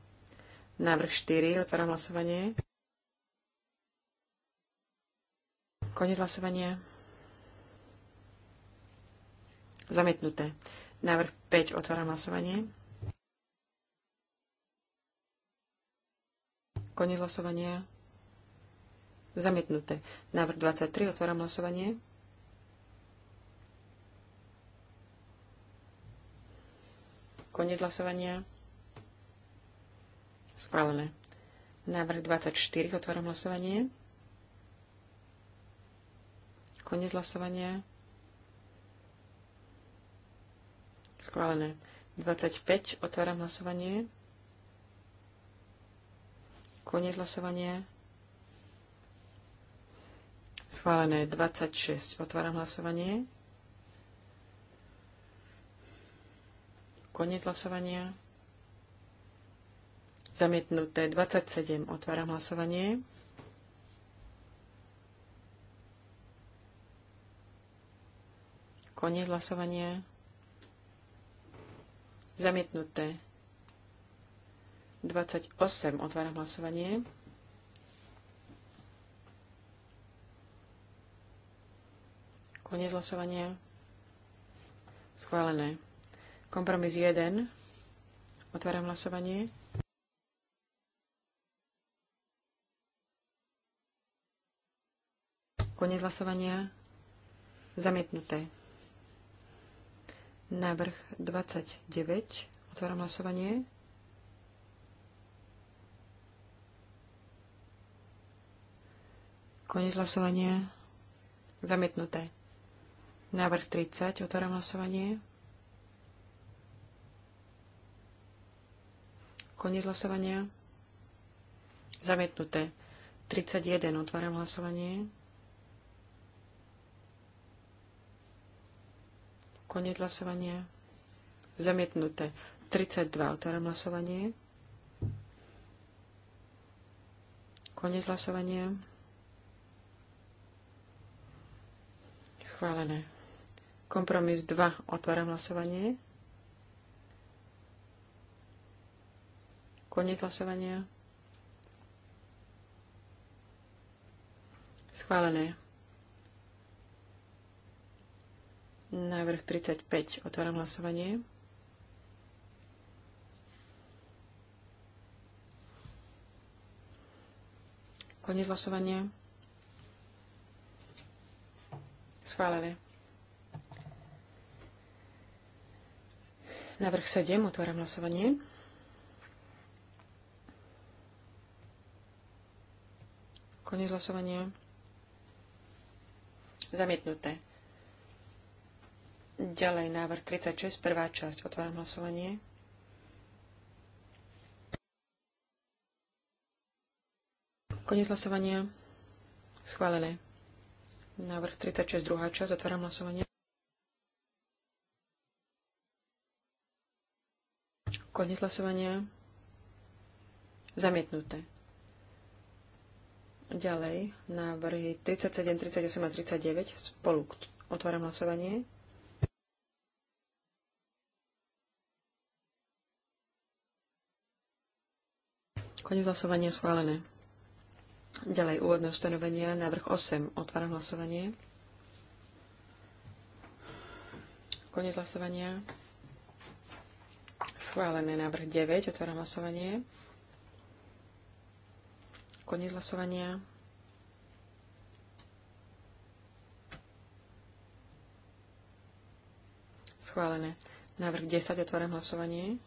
Návrh 4. Otváram hlasovanie. Koniec hlasovania. Zamietnuté. Návrh 5. Otváram hlasovanie. Koniec hlasovania. Zamietnuté. Návrh 23. Otváram hlasovanie. Konec hlasovania. Schválené. Návrh 24. Otváram hlasovanie. Konec hlasovania. Schválené. 25. Otváram hlasovanie. Koniec hlasovania. Schválené. 26. Otváram hlasovanie. Koniec hlasovania. Zamietnuté 27. Otváram hlasovanie. Koniec hlasovania. Zamietnuté 28. Otváram hlasovanie. Koniec hlasovania. Schválené. Kompromis 1. Otváram hlasovanie. Konec hlasovania. Zamietnuté. Návrh 29. Otváram hlasovanie. Konec hlasovania. Zamietnuté. Návrh 30. Otváram hlasovanie. Koniec hlasovania. Zamietnuté. 31. Otváram hlasovanie. Koniec hlasovania. Zamietnuté. 32. Otváram hlasovanie. Koniec hlasovania. Schválené. Kompromis 2. Otváram hlasovanie. Koniec hlasovania. Schválené. Návrh 35. Otváram hlasovanie. Koniec hlasovania. Schválené. Návrh 7. Otváram hlasovanie. Koniec hlasovania. Zamietnuté. Ďalej návrh 36, prvá časť. Otváram hlasovanie. Koniec hlasovania. Schválené. Návrh 36, druhá časť. Otváram hlasovanie. Koniec hlasovania. Zamietnuté. Ďalej, návrhy 37, 38 a 39 spolu. Otváram hlasovanie. Konec hlasovania schválené. Ďalej úvodné ustanovenia, návrh 8. Otváram hlasovanie. Konec hlasovania. Schválené návrh 9. Otváram hlasovanie. Koniec hlasovania. Schválené. Návrh 10. Otváram hlasovanie.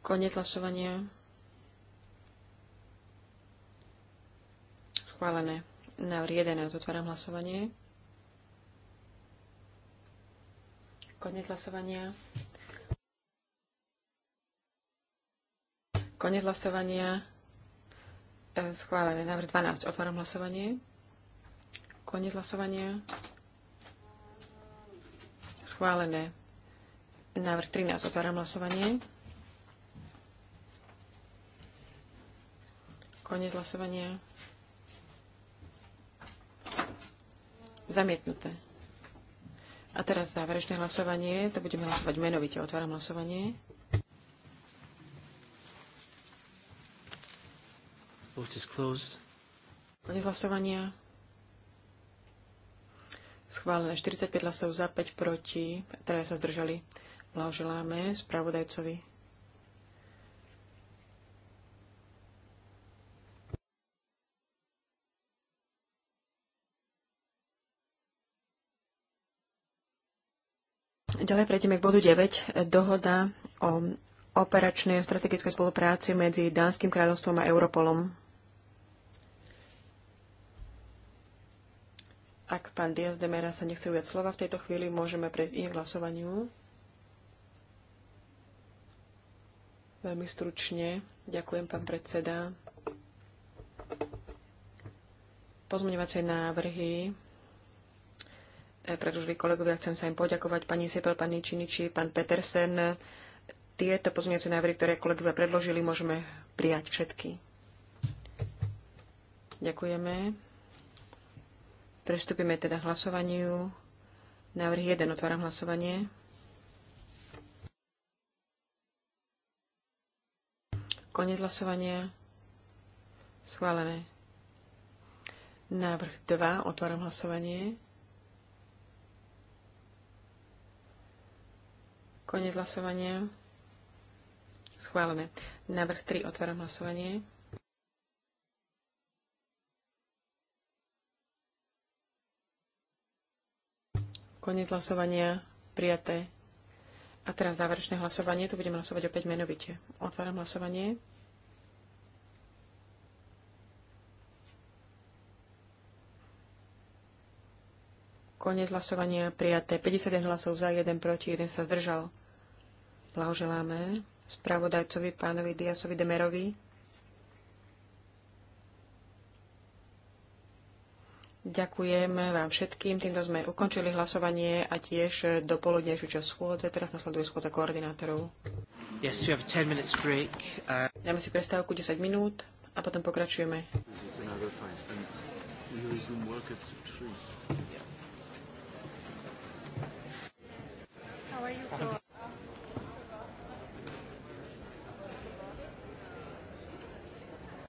Koniec hlasovania. Schválené. Návrh 11. Otváram hlasovanie. Koniec hlasovania. Konec e, hlasovania. Schválené. Návrh 12. Otváram hlasovanie. Konec hlasovania. Schválené. Návrh 13. Otváram hlasovanie. Konec hlasovania. Zamietnuté. A teraz záverečné hlasovanie. To budeme hlasovať menovite. Otváram hlasovanie. Vote is closed. Konec hlasovania. Schválené 45 hlasov za, 5 proti, ktoré sa zdržali. Blahoželáme spravodajcovi. Ďalej prejdeme k bodu 9. Dohoda o operačnej a strategickej spolupráci medzi Dánskym kráľovstvom a Europolom. Ak pán Diaz de Mera sa nechce ujať slova, v tejto chvíli môžeme prejsť ich k hlasovaniu. Veľmi stručne. Ďakujem, pán predseda. Pozmeňovacie návrhy e, predložili kolegovia. Chcem sa im poďakovať, pani Sepel, pani Činiči, pán Petersen. Tieto pozmeňovacie návrhy, ktoré kolegovia predložili, môžeme prijať všetky. Ďakujeme. Prestupíme teda hlasovaniu. Návrh 1. Otváram hlasovanie. Konec hlasovania. Schválené. Návrh 2. Otváram hlasovanie. Konec hlasovania. Schválené. Návrh 3. Otváram hlasovanie. Koniec hlasovania prijaté. A teraz záverečné hlasovanie. Tu budeme hlasovať opäť menovite. Otváram hlasovanie. Koniec hlasovania prijaté. 51 hlasov za, 1 proti, 1 sa zdržal. Blahoželáme spravodajcovi pánovi Diasovi Demerovi. Ďakujem vám všetkým. Týmto sme ukončili hlasovanie a tiež do poludnejšiu časť schôdze. Teraz nasleduje schôdza koordinátorov. Yes, we have 10 break. Uh... Dáme si prestávku 10 minút a potom pokračujeme. How are you